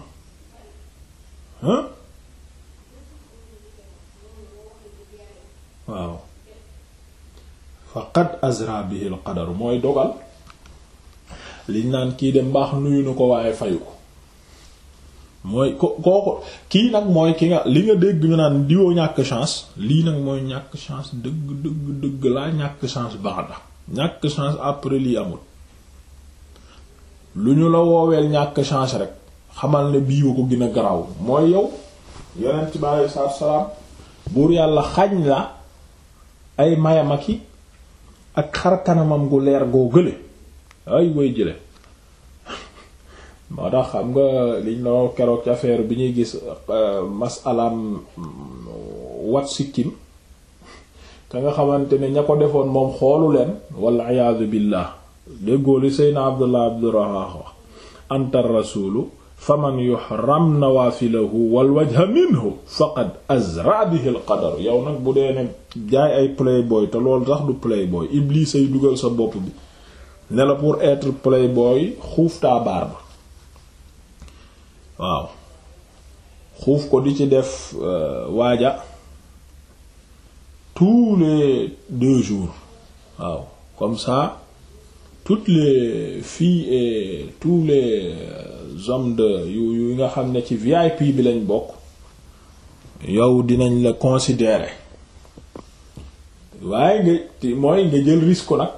waaw faqad azra bihi al qadar mooy dogal liñ naan kii de mbaax nuyu na ko waaye fayu ko mooy ko kooku kii nag mooy ki nga li nga dégg ñu naan diwoo ñàkk chance lii nag mooy ñàkk chance dëgg dëgg dëgg laa ñàkk chance baax na ñàkk chance après lii amul lu ñu la wooweel ñàkk chance rek xamal ne bii ko gën a garaaw mooy yow yonent bi aleyhi salaatu wa salaam buur yàlla xañ la ay mayamaki ak xar kanamam gu leer goo gële ay way jële moo tax xam nga liñ la keroog ci affaire bi ñuy gis euh, masalaam mm, wat sikkim te nga xamante ne ña ko defoon moom xoolu leen walla iyaathu billaah déggoo li seyna abdullah abdurrahman anta rasulu faman yuhram nawaafilahu wal wajha minhu faqad al qadar yow nag bu dee ne jaay ay playboy te loolu sax du playboy iblis ay dugal sa bopp bi ne la pour être playboy xuuf taa barbe waaw xuuf ko di ci def euh, waaja tous les deux jours waaw comme ça toutes les filles et les euh, zone de yu yu nga xam ne ci VIP bi lañ bokk yow dinañ la considérer waaye nga mooy nga jël risque nag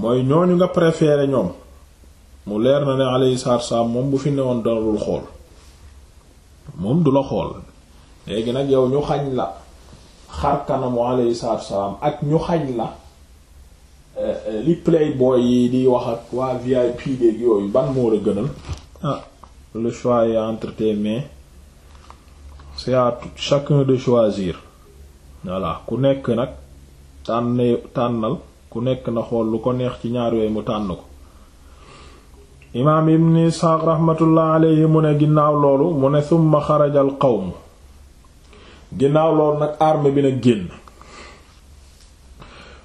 mooy ñooñu nga préférer ñoom mu leer na ne alayhi salaatu salaam moom bu fi newoon darul xool moom du la xool léegi nag yow ñu xañ la xar kanamu alayhi salaatu salaam ak ñu xañ la euh, euh, li playboy yi di wax ak waa VIP dégg yooyu ban moo la gënal Ah. le choix est entre tes de choisir voilà ku nekk nag tànne tànnal ku nekk na xool lu ko neex ci ñaar yooyu mu tànn ko imaam ibn isxaaq raxmatullah alayhi mu ne ginnaaw loolu mu ne summa xarajal qawmu ginnaaw loolu nag armée bi nag génn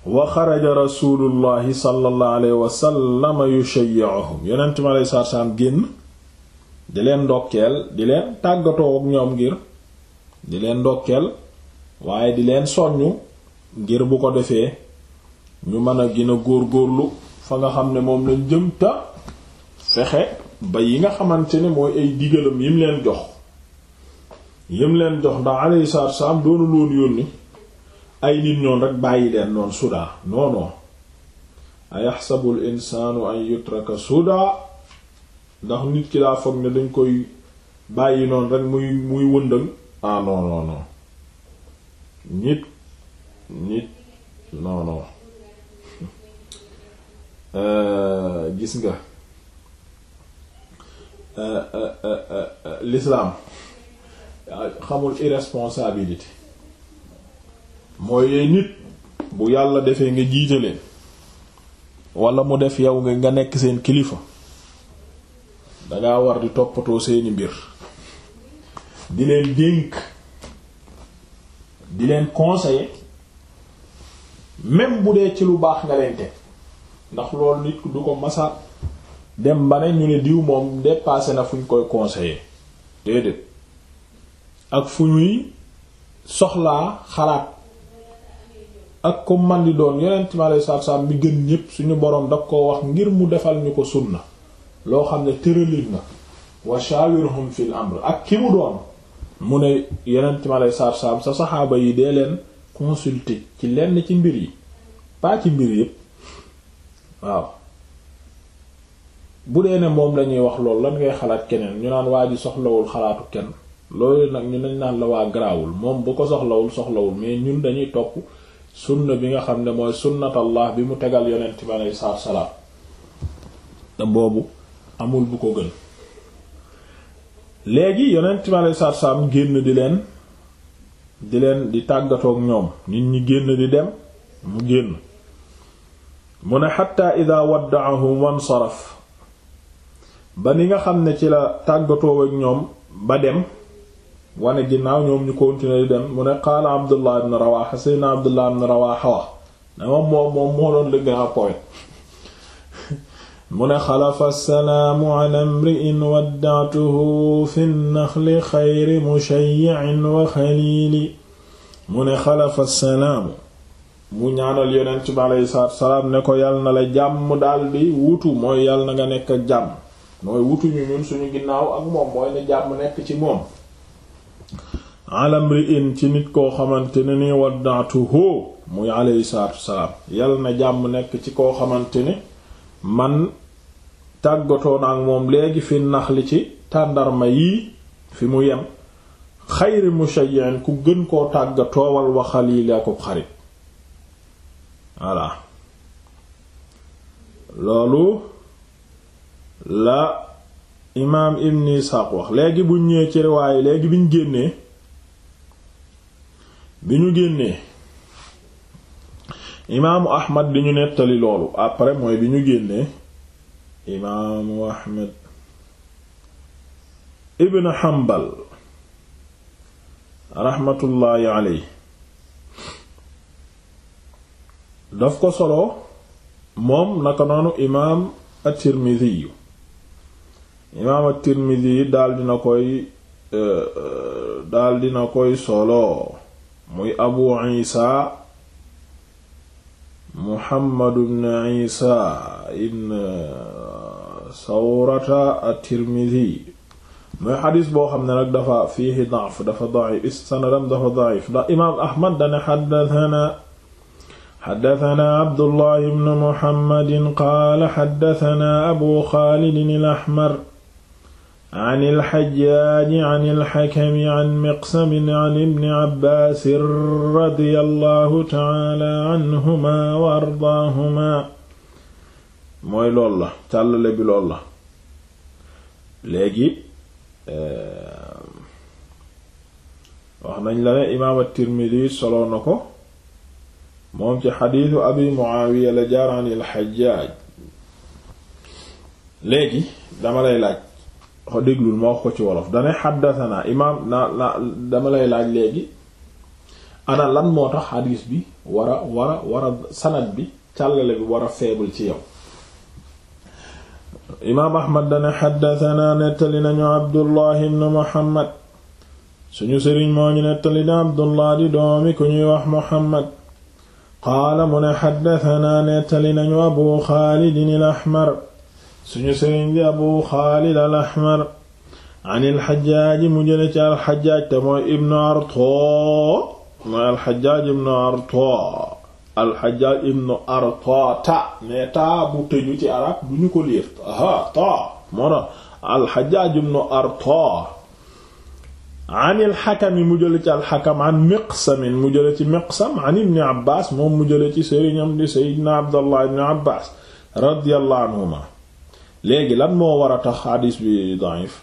wa xaraja rasulullahi sallallahu alayhi wa sallam yushayyi'uhum yonent mi alayhi génn di leen ndokkeel di leen tàggatoo ak ñoom ngir di leen ndokkeel waaye di leen soññ ngir bu ko defee ñu mën a gën góor góorgóorlu fa nga xam ne moom lañ jëm ta fexe ba yi nga xamante ne mooy ay digalam yim leen jox yim leen jox ndax alayhi salaatu wa doonu loon yónni ay nit ñoon rek bàyyi leen noonu sudaa non non ayaxsabu insaanu an yutraka sudaa ndax nit ki daa foog ne dañ koy bàyyi noonu rek muy muy wëndal ah non non nit nit non euh, gis nga euh, euh, lislaam xamul irresponsabilité mooy yooyu nit bu yàlla defee nga jiite leen wala mu def yow nga nga nekk seen kilifa danga war di toppatoo seeni mbir di leen dénk di leen conseiller même bu dee ci lu baax nga leen teg ndax loolu nit du ko masa dem ba ne ñu ne diw moom dépassé na fu ñu koy conseiller déedéet ak fu ñuy soxlaa xalaat ak ko man di doon yonent mi aleyhi salaatu salaam bi gën ñépp suñu boroom daf koo wax ngir mu defal ñu ko sunna loo xam ne tëralin na wa shawirhum fil amr ak ki mu doon mu ne yenent ma lay saar saam sa saxaaba yi dee leen consulter ci lenn ci mbir yi paa ci mbir yépp waaw bu dee ne moom lañuy wax loolu lan ngay xalaat keneen ñu naan waa ji soxlawul xalaatu kenn loolu nag ñu nañ naan la waa garaawul moom bu ko soxlawul soxlawul mais ñun dañuy topp sunna bi nga xam ne mooy sunnatallah bi mu tegal yonent bi aleyhi salaatu wa salaam boobu amul bu ko gën léegi yonent mi aleyhi génn di leen di leen di tàggatook ñoom nit ñi génn di dem mu génn mu ne xatta ida wan wansaraf ba ni nga xam ne ci la tàggatoo ak ñoom ba dem wane ginnaaw ñoom ñu continuer di dem mu ne qaala Abdullah ibn Rawaha sayna Abdullah ibn Rawaha wax ne moom moom moom moo doon lëgg rapport mu ne xalafa salaamu an amri'in wadda'tuhu fi naxli xayri mushayyi'in wa xaliili mu ne xalafa salaamu mu ñaanal yonent bi aleyhi salaatu salaam ne ko yal na la jàmm daldi wutu mooy yal nga nekk jàmm mooy wutu ñu ñun suñu ginnaaw ak moom mooy ne jàmm nekk ci moom alamri'in ci nit koo xamante ne ni wadda'tuhu muy aleyhi salaatu yal na jàmm nekk ci koo xamante ne man tàggatoo na moom léegi fi nax li ci tàndarma yi fi mu yem xayri mushayyan ku gën koo tàggatoowal yi xalili ko xarit voilà loolu la imaam ibn Isaaq wax léegi buñ ñëwee ci riwaaye léegi biñ génnee bi ñu génnee imaamu Ahmad bi ñu nettali loolu après mooy bi ñu génnee imaamu Ahmed ibn Hanbal raxmatullaahi aley daf ko solo moom naka noonu imaam at-Tirmidhi imaam at-Tirmidhi daal dina koy eh, eh, daal dina koy solo muy Abu Isa Muhammad ibn Isa ibn sawrata at-Tirmidhi mooy xadis boo xam ne nag dafa fiihi da'f dafa da'if sanadam dafa da'if ndax imaam Ahmad dane xaddatanaa xaddatanaa Abdullah ibn Muhammad qaala xaddatanaa Abu Xaalid al-Ahmar an al-Hajjaaj an al-Hakam an Miqsam an ibn Abbaas radiyallahu ta'aala anhumaa wa ardaahumaa mooy lool la càllale bi lool la léegi euh, wax nañ la ne imaam at-Tirmidhi soloon na ko moom ci xadiisu abi Muawiya la jaaraan al léegi dama lay laaj déglul ma ko ci wolof dane xaddasanaa imaam na na dama lay laaj léegi ana lan moo tax xadiis bi war a war sanad bi càllale bi war a faible ci yow imaam ahmad dana xaddatanaa nettali nañu abdullahi ibn muhammad suñu sëriñ moo ñu nettali na abdullah di doomi ku ñuy wax muhammad qaala mu ne xaddatanaa nettali nañu abu xaalidin al ahmar suñu sëriñ di abu xaalid al an al mu jële ci al xajaaj arto alxajaaj ibnu artata mais taa bu tëju ci arab du ñu ko liir aha ta moo na alxajaaj ibnu arta an alxakami mu jële ci alxakam an miqsamin mu jële ci miqsam an ibni abbas moom mu jële ci sëriñam di seydina abdallah ibni abbas radiyallahu anhuma léegi lan moo war a tax xadis bi daif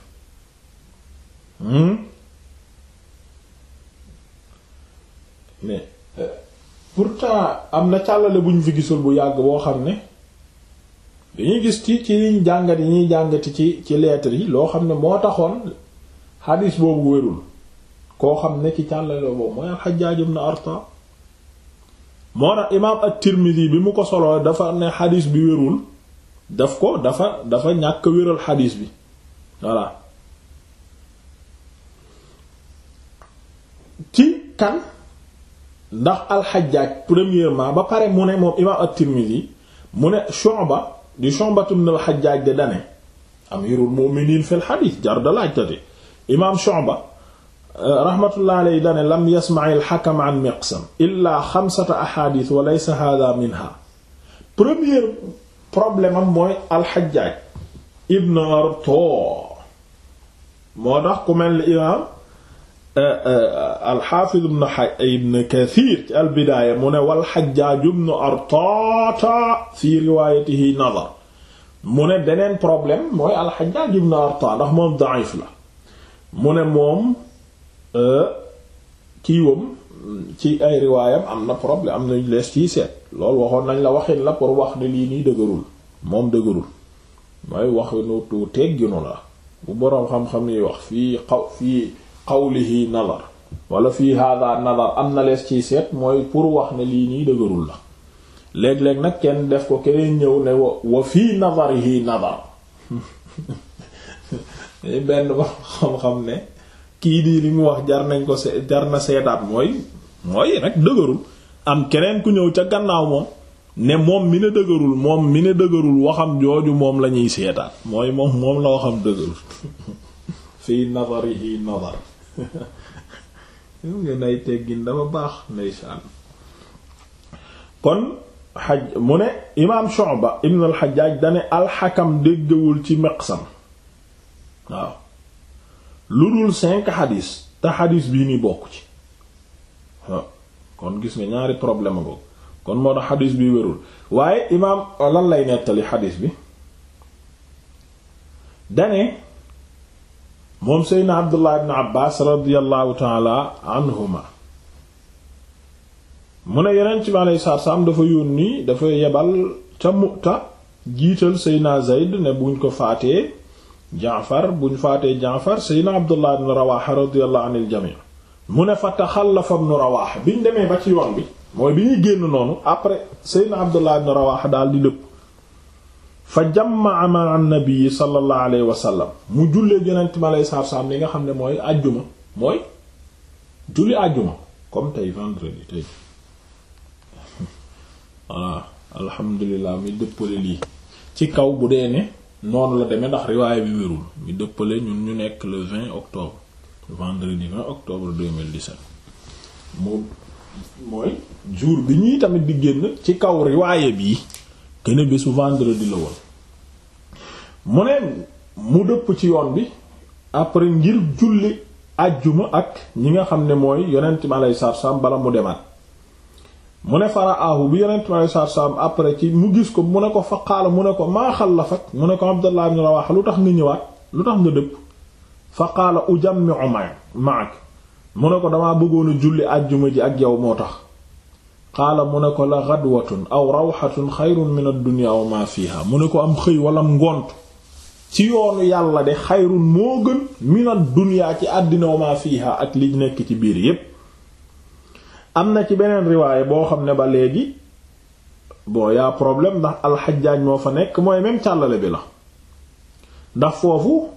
mais hmm? pour pourtant am na càllale bu ñu fi gisul bu yàgg boo xam ne dañuy gis ci ci liñ jàngat yi ñuy jàngati ci ci lettres yi loo xam ne moo taxoon xadis boobu wérul koo xam ne ci càllale boobu mooy al-Hajjaj ibn moo tax imaam at-Tirmidhi bi mu ko soloo dafa ne xadis bi wérul daf ko dafa dafa ñàkk wéral xadis bi voilà ci kan ndax alxajjaaj premièrement ba pare mu ne moom imaam at-Tirmidhi mu ne Shu'ba di Shu'ba ibn al-Hajjaj de dane amirul mu'minin fil hadith jar da laaj imaam Shu'ba euh, rahmatullahi dane lam yasma'i al-hakam an miqsam illa xamsata ahadith wa laysa hadha minha premier problème am mooy alxajjaaj ibn Arta moo tax ku mel imaam Eh, eh, alxaafiz ibn ibn kathir ci albidaaya mu ne wal xajjaaj ibn artaata fi riwaayatihi nazar mu ne beneen problème mooy alxajjaaj ibn artaata ndax moom daif la mu ne moom eh, kiiwam ci ay riwaayam am na problème am na lees ciy seet loolu waxoon nañ la waxin la pour wax ne lii nii dëgërul moom dëgërul mooy waxinu tu tegginu la bu boroom xam-xam yi wax fii xaw fii qawlihi nazar wala fii hada nazar am na lees ciy seet mooy pour wax ne lii nii dëgërul la léeg-léeg nag kenn def ko keneen ñëw ne wa fii nazarihi nazar benn wax xam ne kii di li wax jar nañ ko se seetaat mooy mooy rek keneen ku ñëw ca gannaaw moom ne moom mi ne jooju moom la ñuy seetaat mooy moom moom waxam dëgërul fii nazarihi nazar yow ngeen baax ndeysaan kon alxakam déggawul ci miqsam waaw lu dul cinq xadis te xadis bii ni bokk ci kon gis nga ñaari problème ko boobu kon moo tax xadis bi wérul waaye imaam lan lay nettali xadis bi dane moom seydna abdullah ibn abbas radiallahu taala anhuma mu ne yeneen ci aleyhi dafa yónni dafa yebal ca mu'ta jiital seydna zayd ne buñ ko faatee jaafar buñ faatee jaafar seydna abdullah ibn rawaxa radiallahu an il jami mu ne fa taxallafa ibn rawaxa biñ demee ba ci yoon bi mooy bi ñuy génn noonu après seydna abdullah ibn rawaxa daal di lëpp fa jammaa ma annabi sallallahu alayhi wa mu jullee yonent mi alayhi salaatu salaam li nga xam ne mooy àjjuma mooy julli àjjuma comme tey vendredi lii ci kaw bu dee ne noonu la demee bi wérul dëppale ñun ñu nekk le 20 octobre octobre 2017 moom mooy jour bi tamit di génn ci kaw riwaay bi. këne bésu vendredi mu ne mu dëpp ci yoon bi après ngir julli ajjuma ak ñi nga xam ne mooy yonent mi aleyhi salaatu salaam bala mu demaat mu ne faraahu bi yonent mi aleyhi salaatu salaam après ci mu gis ko mu ne ko fa mu ne ko maa xallafak mu ne ko Abdallah ibn Rawaha lu tax nga ñëwaat lu tax nga dëpp fa qaala ujammi'u ma'ak mu ne ko damaa bëggoon a julli ajjuma ji ak yow moo tax qaala mu ne ko la ghadwatun aw rawhatun xayrun min ad-dunya mu ne ko am xëy wala ngont ci yoonu yàlla de xayrun moo gën min ad ci àddina wa ak li nekk ci biir yépp am na ci beneen riwaaye boo xam ne ba léegi bon yaa problème ndax alxajjaaj moo fa nekk mooy même càllale bi la ndax foofu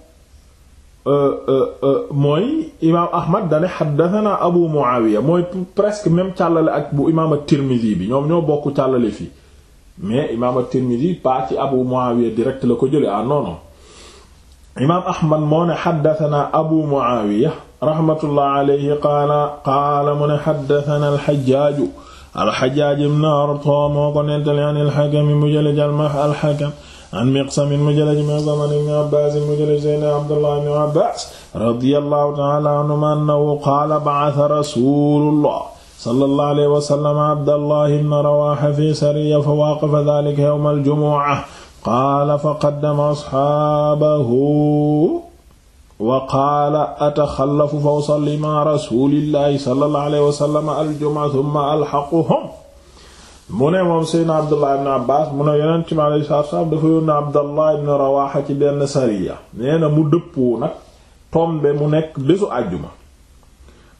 Euh, euh, euh, mooy imaam ahmad dane xaddathana abu muawiya mooy presque même càllale ak bu imaam at bi ñoom ñoo bokk càllale fii mais imaam at-tirmidhi pas ci abu direct la ko jële ah non non imaam ahmad moo ne xaddathana abu muawiya rahmatullah alayhi qaala qaala mu ne xaddathana al-hajjaj al-hajjaj ibn arta al-hakam jële jalma al-hakam an miqsamin mu jële ci miqsam an ibn abbaas mu jële ci seydna abdullah ibn abbaas radiyallahu ta'ala anhuma annahu qaala ba'atha rasulullah sallallahu alayhi wa sallam abdallah ibn rawaha fi sariya fa waqafa dhalika yawm al-jumu'a qaala fa qaddama ashaabahu wa qaala ataxallafu fa usalli ma'a rasulillahi sallallahu alayhi wa sallam al-jumu'a thumma alhaquhum mu ne moom seydna abdullah ibn abbas mu ne yonent mi alayhi salaatu salaam dafa yónne abdullah ibn rawaxa ci benn sariya nee na mu dëppoo nag tombe mu nekk bésu àjjuma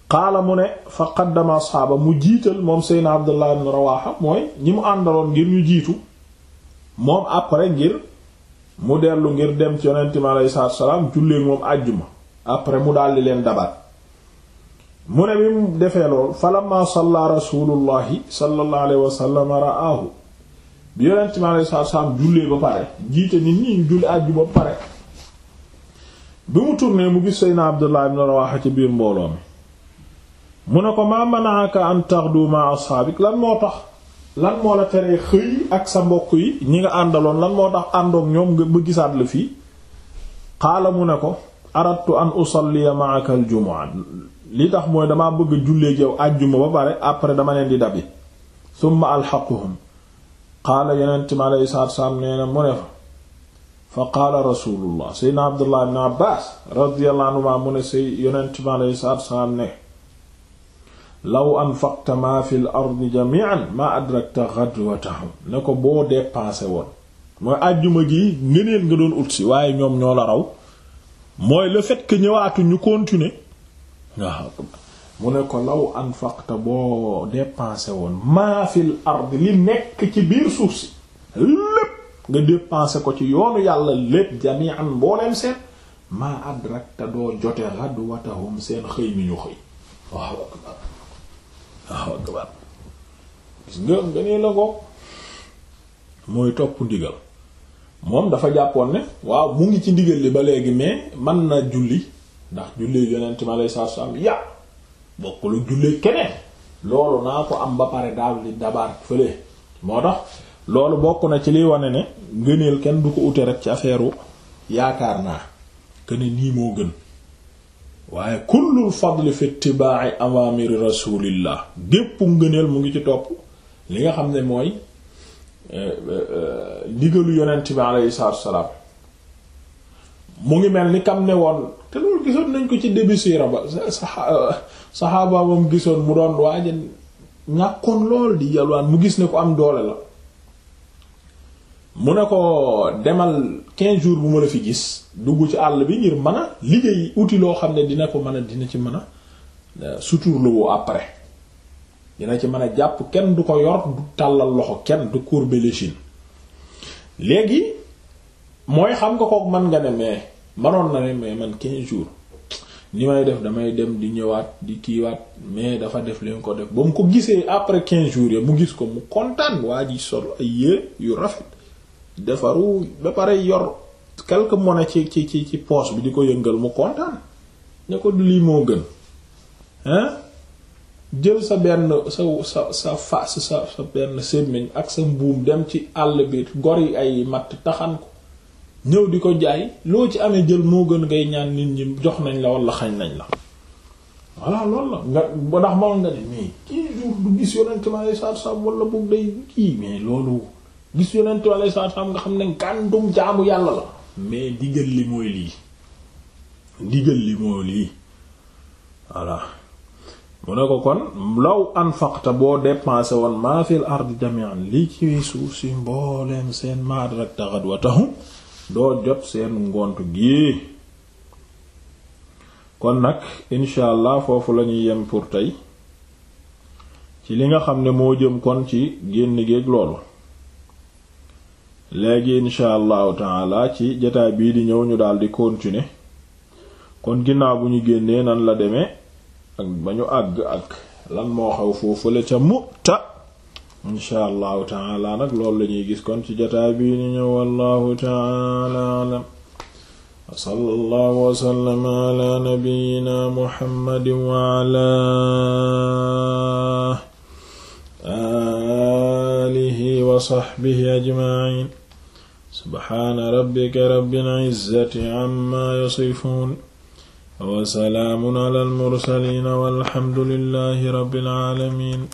xaala mu ne fa qaddama asxaaba mu jiital moom seydna abdullah ibn rawaxa mooy ñi mu àndaloon ngir ñu jiitu moom après ngir mu dellu ngir dem ci yonent mi alayhi salaatu salaam moom àjjuma après mu daldi leen dabaat mu ne bi mu defee lool falamma salla rasulullahi sallallahu alayhi wa sallam bi yonent mi alayhi jullee ba pare jiite nit ñi julli àjju ba pare bi mu tourné mu gis Seydina Abdullah ibn Rawaha ci biir mbooloo mi mu ne ko maa manaaka an taghdu ma ashaabik lan moo tax lan moo la teree xëy ak sa mbokk yi ñi nga àndaloon lan moo tax àndoog ñoom nga ba gisaat fii qaala mu ne ko aradtu an usalliya ma'aka al-jumu'a li tax mooy damaa bëgg a jullee yow àjjuma ba pare après dama leen di dabi summa alxaquhum qaala yonent mi aleyhi salaatu salaam nee na mu ne fa fa qaala rasulullah seydna abdullah ibn abbas radiyallahu anhuma ne law anfaqta maa fi l ardi jamian maa adrakta ghadwatahum ne ko boo dépensé woon mooy àjjuma gi ngëneel nga doon ut waaye ñoom ñoo la raw mooy le fait ñëwaatu ñu continuer waaw mu ne ko law anfaqta boo dépensé woon maa fil ard li nekk ci biir suuf si lépp nga dépensé ko ci yoonu yàlla lépp jami'an mbooleem seen maa te doo jote ghadwatahum seen xëy mi ñu xëy waaw akbar waaw nga nga nee la ko mooy topp ndigal moom dafa jàppoon ne waaw mu ngi ci ndigal li ba léegi mais mën na julli ndax jullee yonent mi alayhi salaatu salaam ya bokkul jullee keneen loolu naa ko am ba pare daal di dabar fële moo tax loolu bokk na ci liy wane ne ngëneel kenn du ko ute rek ci affaire yaakaar naa këne nii moo gën waaye kullul fadli fi ittiba'i awamiri rasulillah gépp ngëneel mu ngi ci topp li nga xam ne mooy eh, eh, eh, ndigalu yonent bi alayhi salaatu salaam mu ngi mel ni kam ne woon te loolu gisoon nañ ko ci début ba euh, saxaaba moom gisoon mu doon waaja ñàkkoon lool di yalwaan mu gis ne ko am doole la mu ne ko demal 15 jours bu ma la fi gis dugg ci àll bi ngir mën a liggéey uti loo xam ne dina ko mën a dina ci mën a euh, suturluwoo après dina ci mën a jàpp kenn du ko yor du tàllal loxo kenn du courber l'échine léegi mooy xam nga kook mën nga ne mais manoon na ne mais man 15 jours ni may def damay dem di ñëwaat di kiiwaat mais dafa def leen ko def ba mu ko gisee après quinze jours yi mu gis ko mu kontaan waa ji sol ay yére yu rafet defaru ba pare yor quelque monnaie ci ci ci ci poche bi di ko yëngal mu kontaan ne ko lii moo gën hein jël sa benn sa sa sa fas sa sa benn sémmiñ ak sa mbuum dem ci àll bi gor yi ay matt taxan ko ñëw di ko jaay loo ci amee jël moo gën ngay ñaan nit ñi jox nañ la wala xañ nañ la voilà loolu la nga ba ndax moom nga ne mais kii jour du gis yonent ma lay saat saam wala boog day kii loolu gis yonent ma nga xam ne ngàndum jaamu yàlla la mais digal li mooy lii digal li mooy lii voilà mu ne ko kon law anfaqta boo dépensé woon maa fil ardi jami'an li ci suuf si mbooleem seen maad rek taxat wa taxu doo jot seen ngont gi kon nag incha foofu lañuy yem pour tey ci li nga xam ne moo jëm kon ci génn géeg loolu léegi incha allahu taala ci jataay bii di ñëw ñu daldi continuer kon ginnaaw bu ñu génnee nan la demee ak ba ñu àgg ak lan moo xaw foofu la ca mu ta insha allahu taala nag loolu la ñuy gis kon ci jotaay bii ni ñëw wallahu taala alam wa sallallahu wa sallama ala nabiyyina muhammadin wa ala alihi wa sahbihi ajma'in subhana rabbika rabbil izzati amma yasifun wa salaamun ala al mursalin walhamdulillahi rabbil alamin